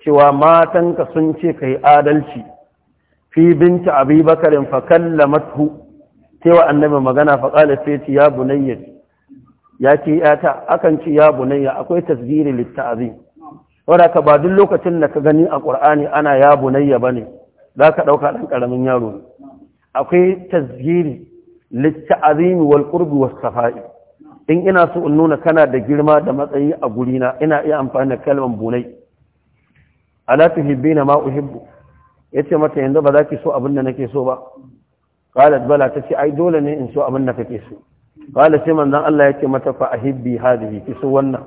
cewa matanka sun ce kai adalci fi binta abubakar fa kallamathu wa annabi magana fa qala fati ya bunayya ya ce yata akan ce ya bunayya akwai tasbiri litta'azim Wadaka ba duk lokacin da ka gani a Ƙur'ani ana ya bunayya bane ka ɗauka ɗan karamin yaro akwai tasbiri litta'azim wal qurb was safa'i in ina so in nuna kana da girma da matsayi a gurina ina iya amfani da kalmar bunai ala tuhibbina ma uhibbu yace mata yanzu ba za ki so abin da nake so ba qalat bala tace ai dole ne in so abin da kake so qala sai manzon Allah yake mata fa ahibbi hadhihi kisu wannan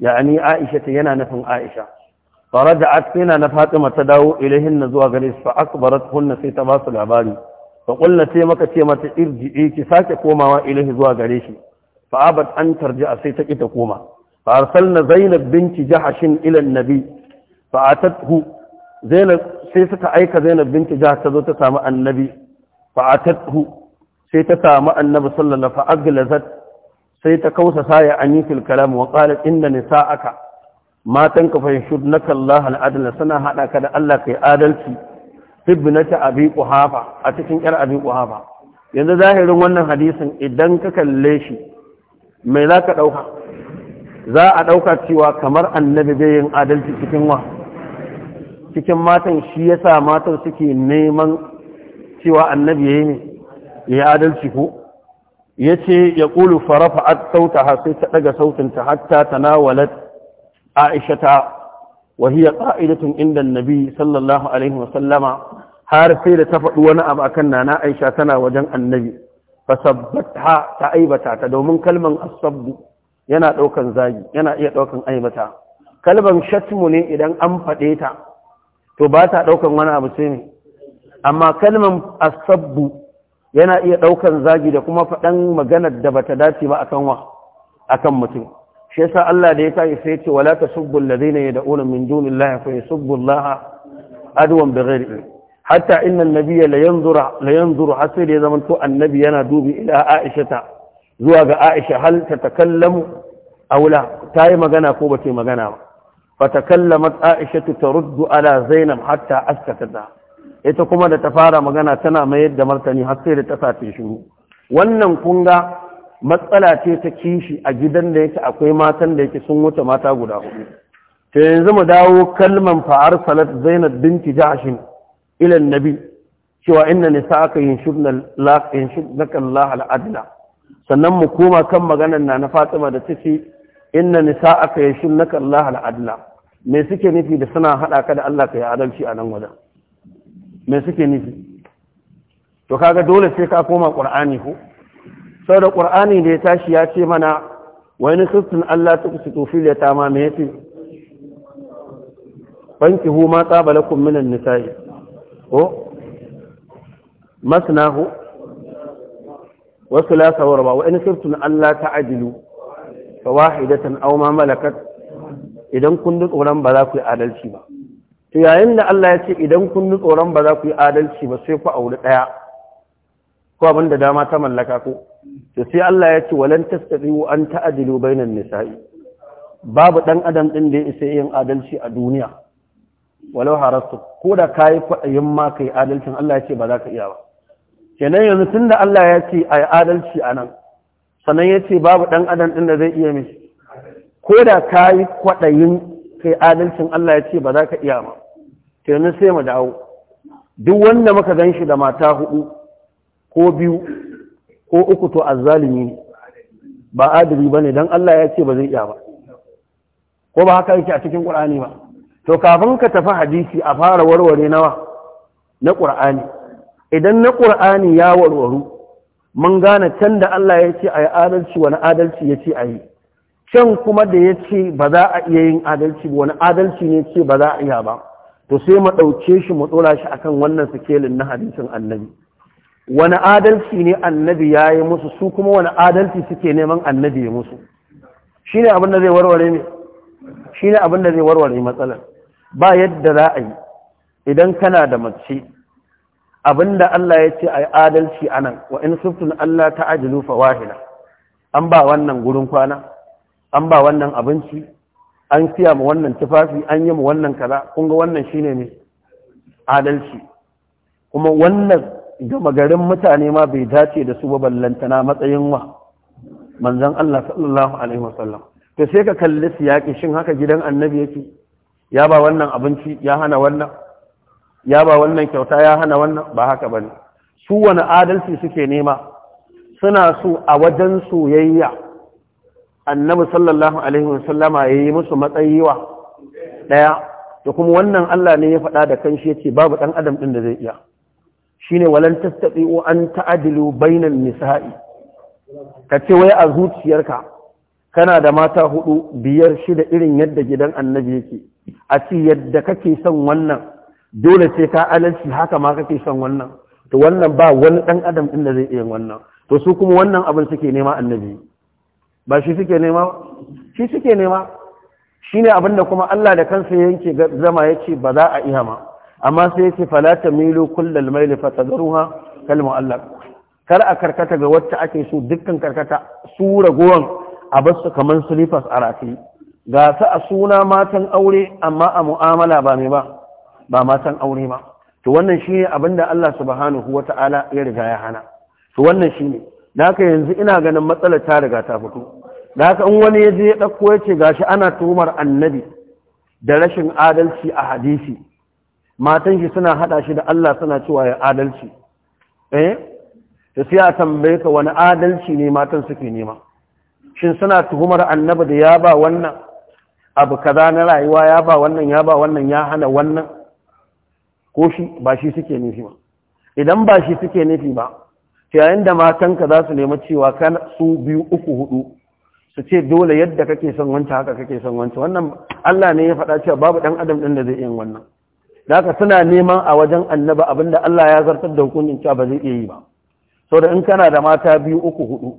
yani Aisha ta yana nufin Aisha faraja'at fina na Fatima ta dawo na zuwa gare su fa akbarat hunna sai ta ba su labari fa qulna sai maka ce mata irji'i ki sake komawa ilaihi zuwa gare shi fa abat an tarji'a sai ta kita koma fa arsalna Zainab binti Jahashin ila annabi fa atathu Zainab sai suka aika Zainab binti Jahash ta zo ta samu annabi fa atathu sai ta samu annabi sallallahu fa aglazat sai ta kausa saya fil kalam wa qalat inna nisa'aka matan ka shudnaka Allah al-adl sana hada ka da Allah kai adalci ibnata abi quhafa a cikin yar abi quhafa yanzu zahirin wannan hadisin idan ka kalle shi mai za ka ɗauka za a ɗauka cewa kamar annabi bai yin adalci cikin wa cikin matan shi yasa matan suke neman cewa annabi yayi ne ya adalci ko ya ce ya ƙulu farafa a sautaha sai ta ɗaga sautinta hatta ta nawalat aisha ta hiya ƙa'idatun inda nabi sallallahu alaihi wasallama har sai da ta faɗi wani abu akan nana aisha tana wajen annabi sabbata ta aibata ta domin kalman asabbu yana ɗaukan zagi yana iya ɗaukan aibata kalban shatmu ne idan an faɗe ta to ba ta ɗaukan wani abu sai ne amma kalman asabbu yana iya ɗaukan zagi da kuma faɗan maganar da bata dace ba akan wa akan mutum shi yasa Allah da ya kai sai ce wala tasubbu alladhina yad'una min dunillahi fa yasubbu Allah adwan bighairi hatta inna an-nabiyya la yanzura la yanzuru hasir ya zamanto to annabi yana dubi ila Aisha zuwa ga Aisha hal ta takallamu aw la tayi magana ko ba ta magana ba fa takallamat Aisha ruddu ala Zainab hatta askatata ita kuma da ta fara magana tana mayar da martani har sai da ta sace shi wannan kunga matsala ce ta kishi a gidan da yake akwai matan da yake sun wuce mata guda hudu to yanzu mu dawo kalman fa'ar salat zainab binti jahshin ila nabi cewa inna nisa'aka yinshubna yin yinshubnaka Allah al-adla sannan mu koma kan maganar na na Fatima da tace inna nisa'aka yinshubnaka Allah al-adla me suke nufi da suna hada ka da Allah kai adalci a nan wajen me suke nufi to kaga dole sai ka koma qur'ani ko saboda qur'ani da ya tashi ya ce mana wa in kuntum alla tuqsitu ta yatama me yace banki hu ma tsaba la kumminan nisa'i ko masnahu wa thulatha wa ruba wa in kuntum alla ta'dilu fawahidatan aw ma malakat idan kun duk tsoron ba za ku yi adalci ba to yayin da Allah ya ce idan kun ni tsoron ba za ku yi adalci ba sai ku auri ɗaya ko abin da dama ta mallaka ko to sai Allah ya ce walan tastadiu an ta'dilu bainan nisa'i babu dan adam din da ya isa yin adalci a duniya walau harastu ko da kayi kwaɗayin ma kai adalcin Allah ya ce ba za ka iya ba kenan yanzu tunda Allah ya ce ai adalci anan, sanan ya ce babu dan adam ɗin da zai iya mishi ko da ka yi kwaɗayin kai adalcin Allah ya ce ba za ka iya ba tunanin sai mu dawo duk wanda muka gan shi da mata hudu ko biyu ko uku to azzalimi ne ba adali ba ne don Allah ya ce ba zai iya ba ko ba haka yake a cikin ƙur'ani ba to kafin ka tafi hadisi a fara warware nawa na ƙur'ani idan na ƙur'ani ya warwaru mun gane can da Allah ya ce a yi adalci wani adalci ya ce a yi can kuma da ya ce ba za a iya yin adalci wani adalci ne ce ba za a iya ba to sai mu ɗauke shi mu ɗora shi akan wannan sikelin na hadisin annabi wani adalci ne annabi ya yi musu su kuma wani adalci suke neman annabi ya musu shi ne abin da zai warware ne shi abin da zai warware matsalar ba yadda za a yi idan kana da mace abinda Allah ya ce a yi adalci a nan wa in Allah ta ajilu fa wahila an ba wannan gurin kwana an ba wannan abinci an siya mu wannan tufafi an yi mu wannan kaza kun ga wannan shine ne adalci kuma wannan gama garin mutane ma bai dace da su ba ballantana matsayin wa manzon Allah sallallahu alaihi wasallam to sai ka kalli siyaki shin haka gidan annabi yake ya ba wannan abinci ya hana wannan ya ba wannan kyauta ya hana wannan ba haka bane su wani adalci suke nema suna so a wajen soyayya annabi sallallahu alaihi wasallama ya yi musu matsayi wa ɗaya da kuma wannan Allah ne ya faɗa da kanshi yace babu ɗan adam ɗin da zai iya shine walan tastati'u an ta'dilu bainan nisa'i kace wai a zuciyarka kana da mata hudu biyar shida irin yadda gidan annabi yake a ci yadda kake son wannan dole sai ka alalci haka ma kake son wannan to wannan ba wani ɗan adam ɗin da zai iya wannan to su kuma wannan abin suke nema annabi ba shi suke nema shi suke nema ne abinda kuma Allah da kansa yanke zama ya ce ba za a iya ma amma sai yace fala tamilu kullal mayl fatadruha kal Allah kar a karkata ga wacce ake so dukkan karkata su ragowan a basu kaman silifas a rafi ga su a suna matan aure amma a mu'amala ba mai ba ba matan aure ba to wannan shi ne abinda Allah subhanahu ta'ala ya riga ya hana to wannan naka yanzu ina ganin matsalar ta riga ta fito da haka in wani ya je ya ɗauko ya ce gashi ana tuhumar annabi da rashin adalci a hadisi matan shi suna haɗa shi da Allah suna cewa ya adalci eh to sai a tambaye ka wani adalci ne matan suke nema shin suna tuhumar annabi da ya ba wannan abu kaza na rayuwa ya ba wannan ya ba wannan ya hana wannan ko shi ba shi suke nufi ba idan ba shi suke nufi ba yayin da matanka za su nemi cewa kan su biyu uku hudu su ce dole yadda kake son wanta haka kake son wanta wannan Allah ne ya faɗa cewa babu ɗan adam ɗin da zai yin wannan da haka suna neman a wajen annaba abinda Allah ya zartar da hukuncin cewa ba zai iya yi ba da in kana da mata biyu uku hudu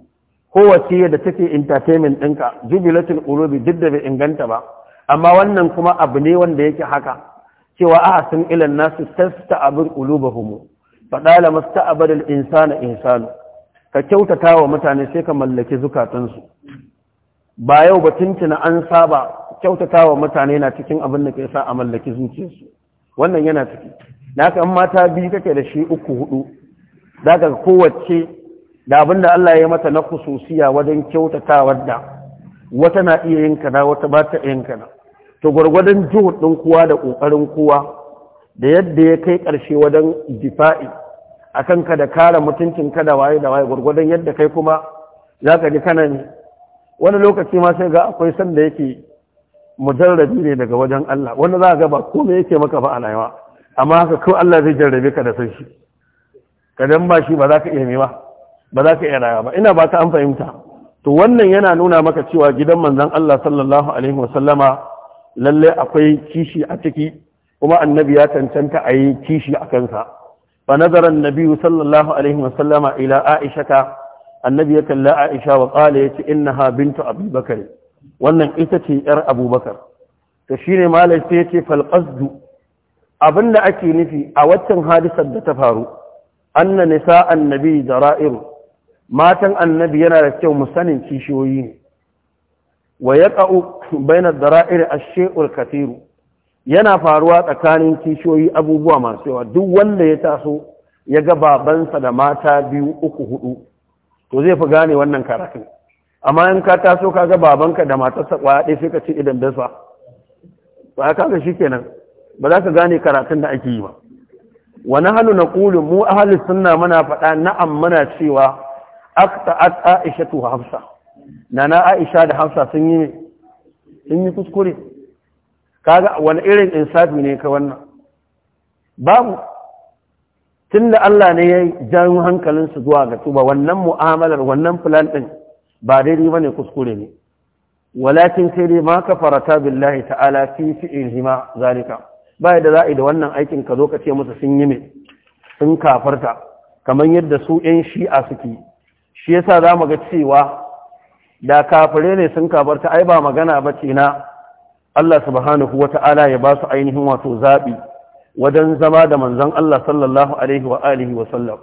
kowace da take entertainment ɗinka jubilatul qulubi duk da bai inganta ba amma wannan kuma abu ne wanda yake haka cewa a sun ilan nasu tasta'abul qulubahum faɗa da masta'abal insana insanu ka kyautata wa mutane sai ka mallaki zukatansu ba yau ba tuntuna an saba kyautatawa mutane na cikin abin da ke sa a mallaki zuciyarsu wannan yana ciki na ka mata biyu kake da shi uku hudu za ka kowace da abin da Allah ya mata na kususiya wajen kyautata da wata na iya yin kana wata ba ta yin kana to gwargwadon juhud ɗin kowa da ƙoƙarin kowa da yadda ya kai ƙarshe wajen difa'i a kanka da kare mutuncin ka da waye da waye gwargwadon yadda kai kuma za ka ji kana wani lokaci ma sai ga akwai sanda yake mujarrabi ne daga wajen Allah wanda za ga ba kome yake maka ba a amma haka ko Allah zai jarrabe ka da san shi kadan ba shi ba za ka iya mewa ba za ka iya rayuwa ba ina ba ka an fahimta to wannan yana nuna maka cewa gidan manzon Allah sallallahu alaihi wasallama lalle akwai kishi a ciki kuma annabi ya cancanta a yi kishi a kansa fa nazara annabi sallallahu alaihi wasallama ila aisha annabi ya kalli aisha wa ya yace innaha bintu abubakar wannan ita ce yar abubakar Ta shine malai sai yace fal abinda ake nufi a waccan hadisar da ta faru anna nisa annabi dara'ir matan annabi yana da kyau musanin kishiyoyi ne wa yaqa'u bayna dara'ir ash-shay'ul kathiru yana faruwa tsakanin kishiyoyi abubuwa masu yawa duk wanda ya taso ya ga babansa da mata biyu uku hudu to zai fi gane wannan karatun amma in ka taso kaga babanka da matarsa kwaya ɗaya sai ka ci idan dasa ba shi shikenan ba za ka gane karatun da ake yi ba wa nahnu naqulu mu ahli sunna mana faɗa na'am muna cewa a aisha tu hafsa nana aisha da hafsa sun yi sun yi kuskure kaga wani irin insafi ne ka wannan babu tunda Allah ne ya jan hankalinsu zuwa ga tuba wannan mu'amalar wannan filan ɗin ba daidai ne kuskure ne walakin sai dai ma kafarata billahi ta'ala fi hima zalika ba da za'i da wannan aikin ka zo ka ce musu sun yi me sun kafarta kamar yadda su ƴan shi'a suke shi yasa za mu ga cewa da kafire ne sun kafarta ai ba magana ba ce na Allah subhanahu wata'ala ya ba su ainihin wato zaɓi wajen zama da manzon Allah sallallahu alaihi wa wa sallam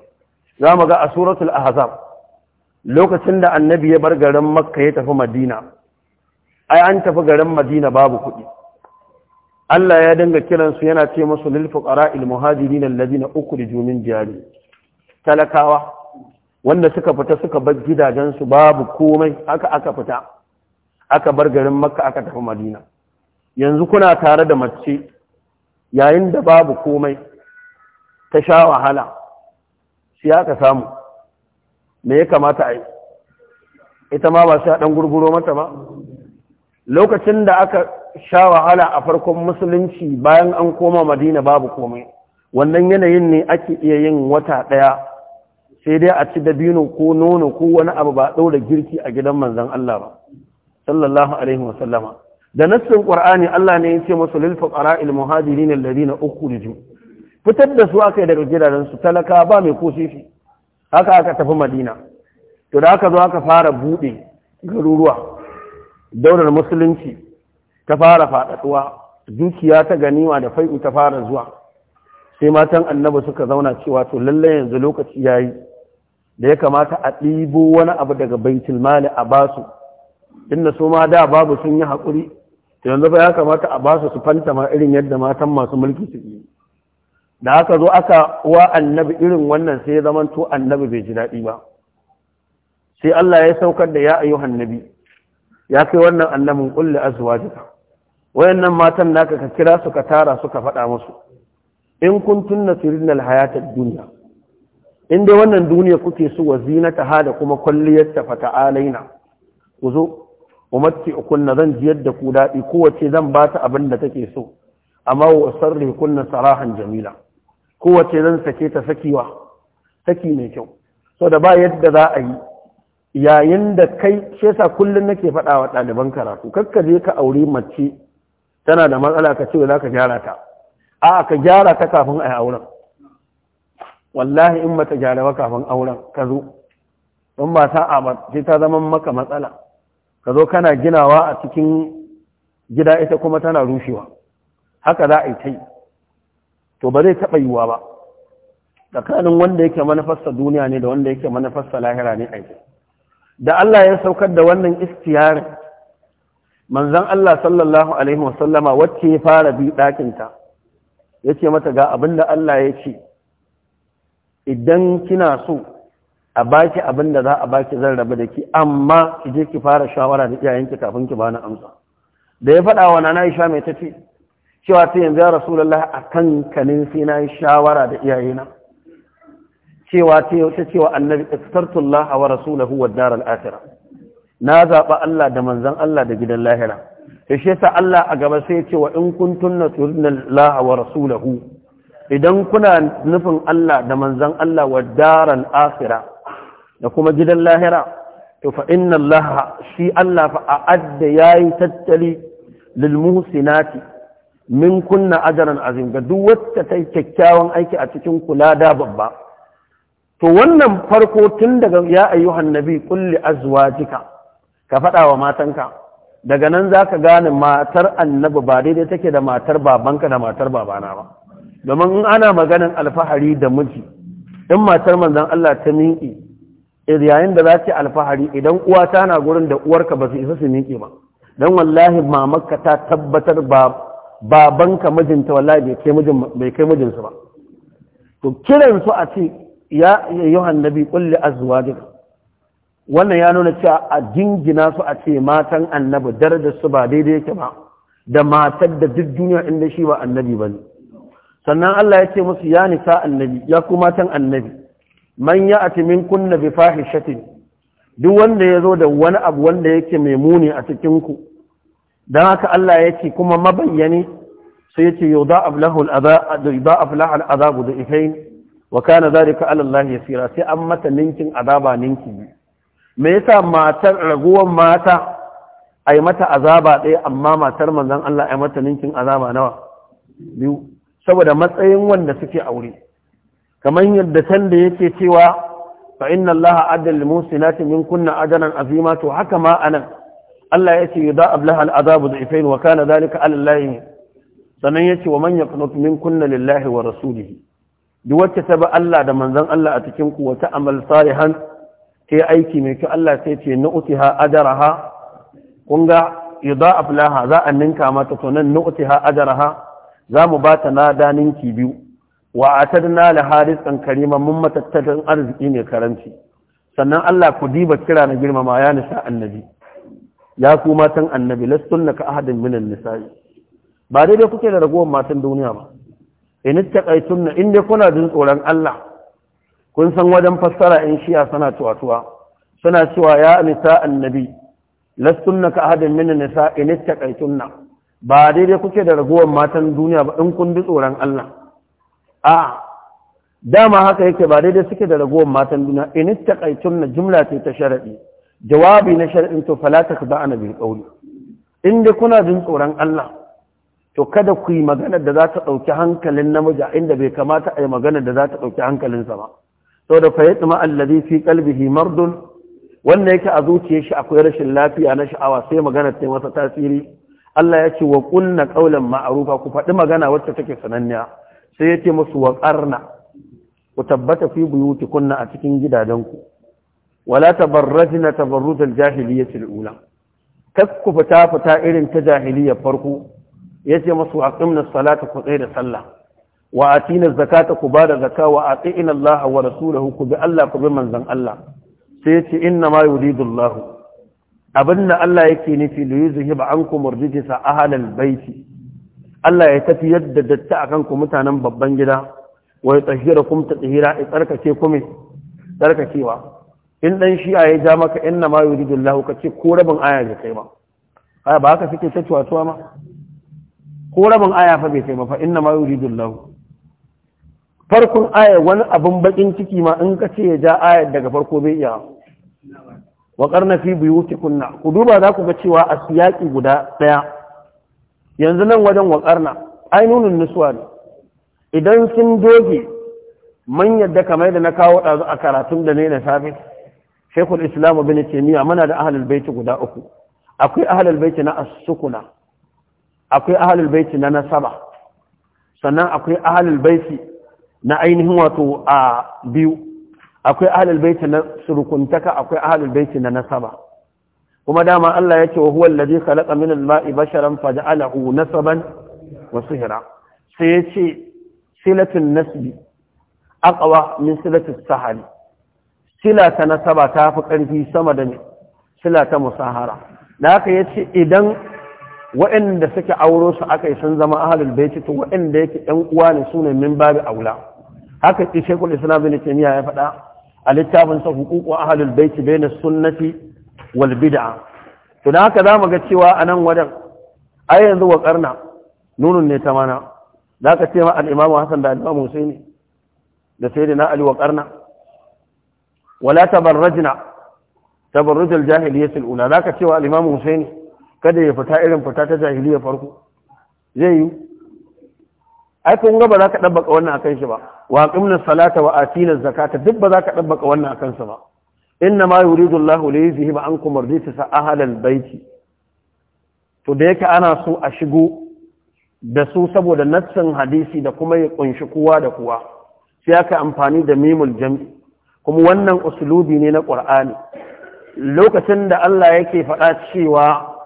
za mu ga a suratul ahzab lokacin da annabi ya bar garin makka ya tafi madina ai an tafi garin madina babu kuɗi Allah ya dinga kiransu yana ce musu lil fuqara al na uku da min jari talakawa wanda suka fita suka bar gidajensu babu komai haka aka fita aka bar garin makka aka tafi madina yanzu kuna tare da mace yayin da babu komai ta sha wahala shi aka samu me ya kamata a yi ita ma ba sai a ɗan gurguro mata ba lokacin da aka sha wahala a farkon musulunci bayan an koma madina babu komai wannan yanayin ne ake iya yin wata ɗaya sai dai a ci dabino ko nono ko wani abu ba ɗaura girki a gidan manzan Allah ba sallallahu alaihi wasallama da nassin qur'ani Allah ne ya ce musu lil fuqara al muhajirin alladhina ukhriju fitar da su akai daga gidajen su talaka ba mai kosifi haka aka tafi madina to da aka zo aka fara bude garuruwa daular musulunci ta fara faɗaɗuwa dukiya ta ganiwa da fai'u ta fara zuwa sai matan annabi suka zauna cewa to lalle yanzu lokaci yayi da ya kamata a ɗibo wani abu daga baitul mali a basu inda su ma da babu sun yi haƙuri yanzu ba ya kamata a basu su fantama irin yadda matan masu mulki su yi da aka zo aka wa annabi irin wannan sai ya zamanto annabi bai ji daɗi ba sai Allah ya saukar da ya ayyuhan nabi ya kai wannan annabin kulli azwajika wayannan matan naka ka kira su ka tara su ka faɗa musu in kuntunna turidna alhayata ad-dunya in dai wannan duniya kuke so wa ha da kuma fata alaina. ku zo umatti ukunna zan jiyar da ku daɗi kowace zan ba ta abin da take so amma wa sarri kunna sarahan jamila kowace zan sake ta sakiwa saki mai kyau so da ba yadda za a yi yayin da kai shi yasa kullum nake faɗa wa ɗaliban karatu kakka je ka aure mace tana da matsala ka ce za ka gyara ta a ka gyara ta kafin a yi auren wallahi in mata gyara ba kafin auren ka zo don ba ta a sai ta zama maka matsala ka zo kana ginawa a cikin gida ita kuma tana rushewa haka za a yi ta yi to ba zai taɓa yiwuwa ba tsakanin wanda yake manufarsa duniya ne da wanda yake manufarsa lahira ne aiki da Allah ya saukar da wannan istiyarin manzan Allah sallallahu Alaihi wasallama wacce ya fara bi ɗakinta ya ce mata ga abin da Allah ya ce idan kina so a baki abin da za a baki zan rabu da ki amma ki je ki fara shawara da iyayenki kafin ki bani amsa da ya faɗa wa nana Aisha mai tafi cewa ta yanzu ya Rasulullah a kan kanin sai na yi shawara da iyayena cewa ta yau ta cewa annabi istartullah wa rasuluhu wa daral akhirah na zaɓa Allah da manzon Allah da gidan lahira to shi yasa Allah a gaba sai ya ce wa in kuntunna turidna Allah wa rasuluhu idan kuna nufin Allah da manzon Allah wa daral akhirah da kuma gidan lahira to fa inna Allah shi Allah fa a'adda yayi tattali lil muhsinati min kunna ajran azim ga duk wacce ta kyakkyawan aiki a cikin kula da babba to wannan farko tun daga ya ayyuhan nabi kulli azwajika ka faɗa wa matanka daga nan za ka gane matar annabi ba daidai take da matar babanka da matar babana ba domin in ana maganin alfahari da miji in matar manzon Allah ta minki Eh, yayin da za alfahari idan uwa ta na gurin da uwarka ba su isa su miƙe ba don wallahi mamakka ta tabbatar ba babanka mijinta wallahi bai kai mijinsu ba to kiran su a ce ya yohan nabi kulli azwajik wannan ya nuna cewa a jingina su a ce matan annabi darajar su ba daidai yake ba da matar da duk duniya inda shi ba annabi ba ne, sannan Allah ya ce musu ya nisa annabi ya ku matan annabi man ya'ti kunna bi fahishatin duk wanda ya zo da wani abu wanda yake mai muni a cikin ku dan haka Allah ce kuma mabayyani sai yace yudha'af lahu al'adab yudha'af lahu al'adab du'ifain wa kana dhalika alallahi ya yasira sai an mata ninkin azaba ninki me yasa matar raguwar mata ai mata azaba ɗaya amma matar manzon Allah ai mata ninkin azaba nawa biyu saboda matsayin wanda suke aure kamar yadda sanda yake cewa fa inna allaha adal musinati min kunna adanan azima to haka ma nan Allah yace yuda ablaha al azabu dhifain wa kana dhalika ala wa man yaqnut min kunna lillahi wa rasulihi duk wacce ta bi Allah da manzon Allah a cikin ku wata amal salihan ke aiki mai kyau Allah sai ce na utiha ajaraha kun ga yuda ablaha za a ninka mata to nan na utiha ajaraha za mu ba ta nada ninki biyu wa atadna la harisan karima mun matattalin arziki ne karanci sannan Allah ku diba kira na girmama ya nisa annabi ya ku matan annabi lastunna ka ahadin minan nisa'i ba daidai kuke da ragowar matan duniya ba in ittaqaytunna in dai kuna jin tsoron Allah kun san wajen fassara in shiya sana tuwa suna cewa ya nisa annabi lastunna ka ahadin minan nisa'i in ittaqaytunna ba daidai kuke da ragowar matan duniya ba in kun bi tsoron Allah a dama haka yake ba daidai suke da ragowar matan duniya in ittaqaytum na jumla ce ta sharaɗi. jawabi na sharaɗin to fala takba'ana bin ƙauri. in dai kuna jin tsoron Allah to kada ku yi magana da za ta hankalin namiji inda bai kamata a yi magana da za ta dauki hankalinsa ba saboda fa yatma alladhi fi qalbihi mardun wanda yake a zuciyar shi akwai rashin lafiya na sha'awa sai magana ta masa tasiri Allah ya ce wa kunna qawlan ma'rufa ku faɗi magana wacce take sananniya sai ya ce musu wa ƙarna ku tabbata fi buyuti kunna a cikin gidajenku wala tabarrajna tabarrujal jahiliyyatil da kar ku fita fita irin ta jahiliyyar farko yace musu aqimna salata ku tsaya da sallah wa na zakata ku bada zakka wa atina Allah wa rasulahu ku bi Allah ku bi manzan Allah sai yace inna ma yuridu Allah abinda Allah yake nufi an yuzhiba ankum sa ahlal baiti Allah ya tafi yadda datta a kanku mutanen babban gida wai tsahira kum ta tsahira ya tsarkake ku mai tsarkakewa in dan shi'a ya ja maka inna ma yuridullahu ka ce ko rabin aya bai kai ba aya ba haka suke ta tuwatuwa ma ko rabin aya fa bai kai ba fa inna ma yuridullahu farkon aya wani abin bakin ciki ma in ka ce ya ja ayar daga farko bai iya wa karna fi kunna. ku duba za ku ga cewa a siyaki guda ɗaya. yanzu nan wajen wakar na ainihin nisuwa ne idan sun doge manyan da kamar da na kawo ɗazu a karatun da ne na safe shekul islamu bin taimiyya muna da ahalul baiti guda uku akwai ahalul baiti na asukuna akwai ahalul baiti na nasaba sannan akwai ahalul baiti na ainihin wato a biyu akwai ahalul baiti na surukuntaka akwai ahalul baiti na nasaba kuma dama Allah ya ce wa huwa allazi khalaqa min al-ma'i basharan faj'alahu nasaban wa sihra sai ya ce silatun nasbi aqwa min silatis sahari sila ta nasaba ta fi ƙarfi sama da sila ta musahara da haka ya ce idan waɗanda suke auro su aka yi sun zama ahalul baiti to waɗanda yake ɗan uwa ne su ne min babu aula haka ki shekul islam bin taymiya ya faɗa a littafin sa huququ ahalul baiti baina sunnati wal bid'a to da haka zamu ga cewa anan wadan ai yanzu wa karna nunun ne ta mana Za ka ce ma al-imam Hassan da al-imam Husaini da sayyidina Ali wa karna wala tabarrajna tabarruj al-jahiliyyah al-ula da ka ce wa al-imam Husaini kada ya fita irin fita ta jahiliya farko zai yi ai kun ga ba za ka dabbaka wannan akan shi ba wa qimna salata wa atina zakata duk ba za ka dabbaka wannan akan sa ba inna ma yuridu Allahu li yuzhiba ankum ardita ahlal baiti to da yake ana so a shigo da su saboda nassin hadisi da kuma ya kunshi kowa da kowa sai aka amfani da mimul jam'i kuma wannan usulubi ne na Qur'ani lokacin da Allah yake faɗa cewa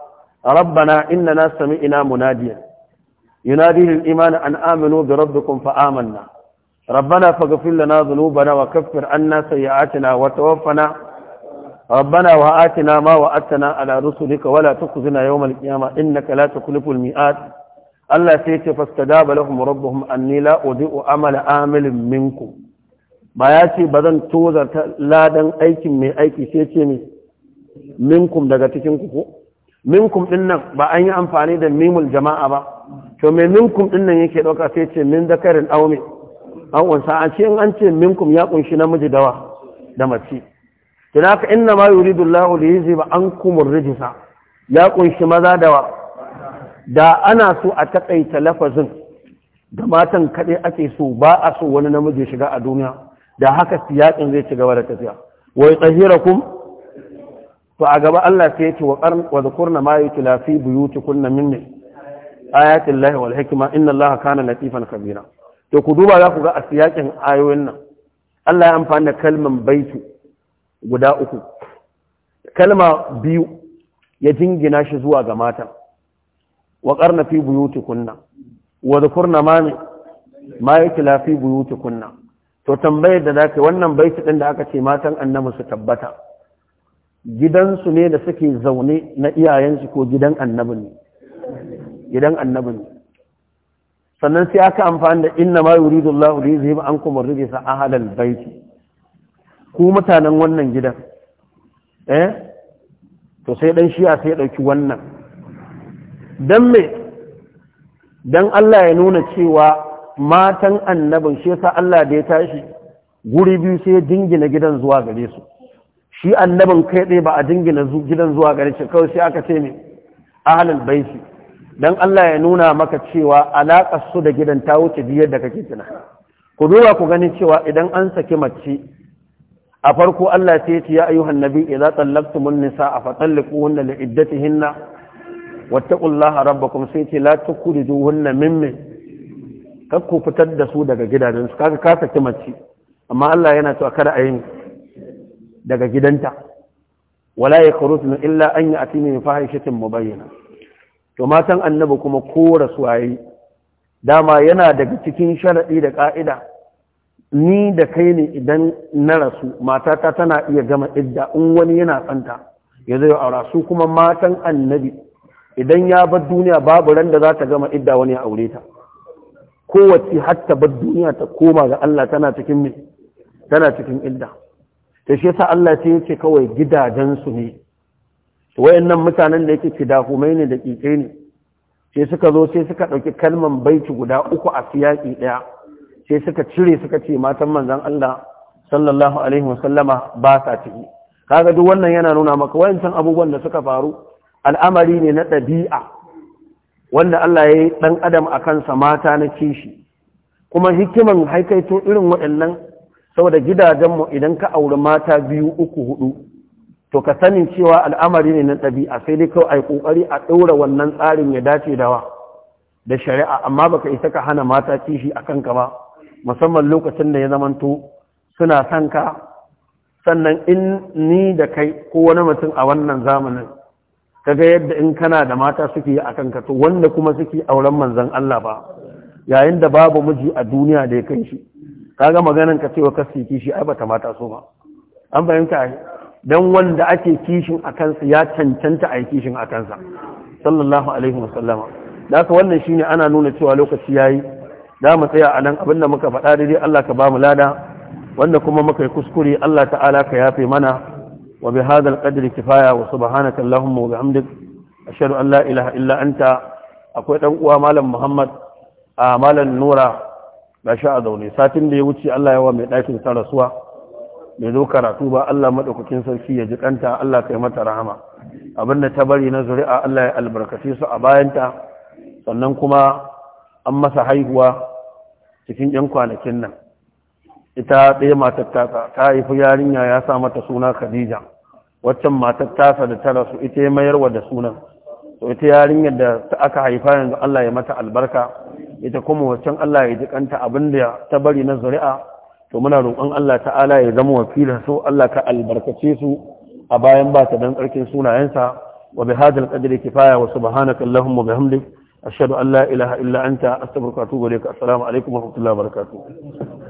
rabbana innana sami'na munadiyan ينادي للإيمان أن آمنوا بربكم فآمنا ربنا فاغفر لنا ذنوبنا وكفر عنا سيئاتنا وتوفنا ربنا وآتنا ما وآتنا على رسلك ولا تخزنا يوم القيامة إنك لا تخلف المئات الله سيك فاستجاب لهم ربهم أني لا أضيء عمل آمل منكم ما ياتي بدن توزر لا دن أيكم من أيكي سيتي منكم دقا كفو منكم din بأي أنفاني دن ميم الجماعة با mimul منكم ba يكي دوكا minkum من ذكر yake dauka sai أنسا min zakarin aumi an unsa an ce Ina ka inna ma yuridu Allahu li yuzhiba ankum ya kunshi maza da wa da ana so a takaita lafazin da matan kaɗai ake so ba so wani namiji shiga a duniya da haka siyakin zai ci gaba da tafiya wai tsahirakum to a gaba Allah sai ya ce wa qarn wa zakurna ma yutla fi buyutikunna min ayatin lahi wal hikima inna Allah kana latifan kabira to ku duba za ku ga a siyakin ayoyin nan Allah ya amfani da kalman baitu guda uku kalma biyu ya jingina shi zuwa ga mata wa karna fi buyutikunna wa dhukurna ma ma yutla fi buyutikunna to tambayar da zaka wannan baiti ɗin da aka ce matan annabi su tabbata gidansu ne da suke zaune na iyayensu ko gidan annabi ne gidan annabi ne sannan sai aka amfani da inna ma yuridu Allahu li yuzhiba ankum ar-rijsa ahlal baiti ku mutanen wannan gidan eh to sai dan shi'a sai dauki wannan dan me dan Allah ya nuna cewa matan annabin shi yasa Allah da ya tashi guri biyu sai ya dingina gidan zuwa gare su shi annabin kai dai ba a dingina gidan zuwa gare shi kawai sai aka ce me ahlul baiti dan Allah ya nuna maka cewa alaƙar su da gidan ta wuce biyar da kake tuna ku duba ku gani cewa idan an saki mace a farko Allah sai ya ce ya ayyuhan nabi idza tallaqtumun nisaa fa talliquhunna li iddatihinna wattaqullaha rabbakum sai ce la tukhrijuhunna mimmin kar fitar da su daga gidajen su kaga ka saki mace amma Allah yana cewa kada a yi daga gidanta wala yakhrujna illa an ya'ti min fahishatin mubayyana to matan annabi kuma ko rasuwaye dama yana daga cikin sharadi da ka'ida ni da kai ne idan na rasu matata tana iya gama idda in wani yana tsanta ya zai aura su kuma matan annabi idan ya bar duniya babu ran da za ta gama idda wani ya aure ta kowace hatta bar duniya ta koma ga Allah tana cikin tana cikin idda to shi yasa Allah sai ya kawai gidajen su ne wayannan mutanen da yake kidahumai ne da kike ne sai suka zo sai suka dauki kalman baiti guda uku a siyaki daya sai suka cire suka ce matan manzan Allah sallallahu alaihi wasallama ba sa ciki kaga duk wannan yana nuna maka wayancan abubuwan da suka faru al'amari ne na ɗabi'a wanda Allah ya yi ɗan adam a kansa mata na kishi kuma hikiman haikaito irin waɗannan saboda gidajenmu idan ka auri mata biyu uku hudu to ka sanin cewa al'amari ne na ɗabi'a sai dai kawai a yi ƙoƙari a ɗaura wannan tsarin ya dace da wa da shari'a amma baka isa ka hana mata kishi a kanka ba musamman lokacin da ya zamanto suna son ka sannan in ni da kai ko wani mutum a wannan zamanin kaga yadda in kana da mata suke yi a ka to wanda kuma suke auren manzon Allah ba yayin da babu miji a duniya da ya kai shi kaga maganan ka cewa kasi kishi ai bata mata so ba an fahimta ai dan wanda ake kishin a kansa ya cancanta a kishin a kansa sallallahu alaihi wasallama da haka wannan shine ana nuna cewa lokaci yayi da mu tsaya a nan abinda muka faɗa daidai Allah ka ba mu lada wanda kuma muka yi kuskure Allah ta'ala ka yafe mana wa bi hadha qadri kifaya wa subhanaka allahumma wa bihamdik ashhadu an la ilaha illa anta akwai dan uwa malam Muhammad a malam Nura da sha a zaune satin da ya wuce Allah ya wa mai ɗakin sa rasuwa mai zo karatu ba Allah madaukakin sarki ya ji kanta Allah ka yi mata rahama abinda ta bari na zuri'a Allah ya albarkace su a bayanta sannan kuma an masa haihuwa cikin 'yan kwanakin nan ita ɗaya matar tasa ta haifi yarinya ya sa mata suna khadija waccan matar tasa da ta rasu ita ya mayarwa da sunan to ita yarinyar da aka haifa yanzu Allah ya mata albarka ita kuma waccan Allah ya jikanta da ta bari na zuri'a to muna roƙon Allah ta'ala ya zama wakilin su Allah ka albarkace su a bayan ba ta dan tsarkin sunayensa wa bihadal qadri kifaya wa subhanaka allahumma bihamdika ashhadu an la ilaha illa anta asa wa atubu ka assalamu alaikum wa rahmatullahi wa barakatuh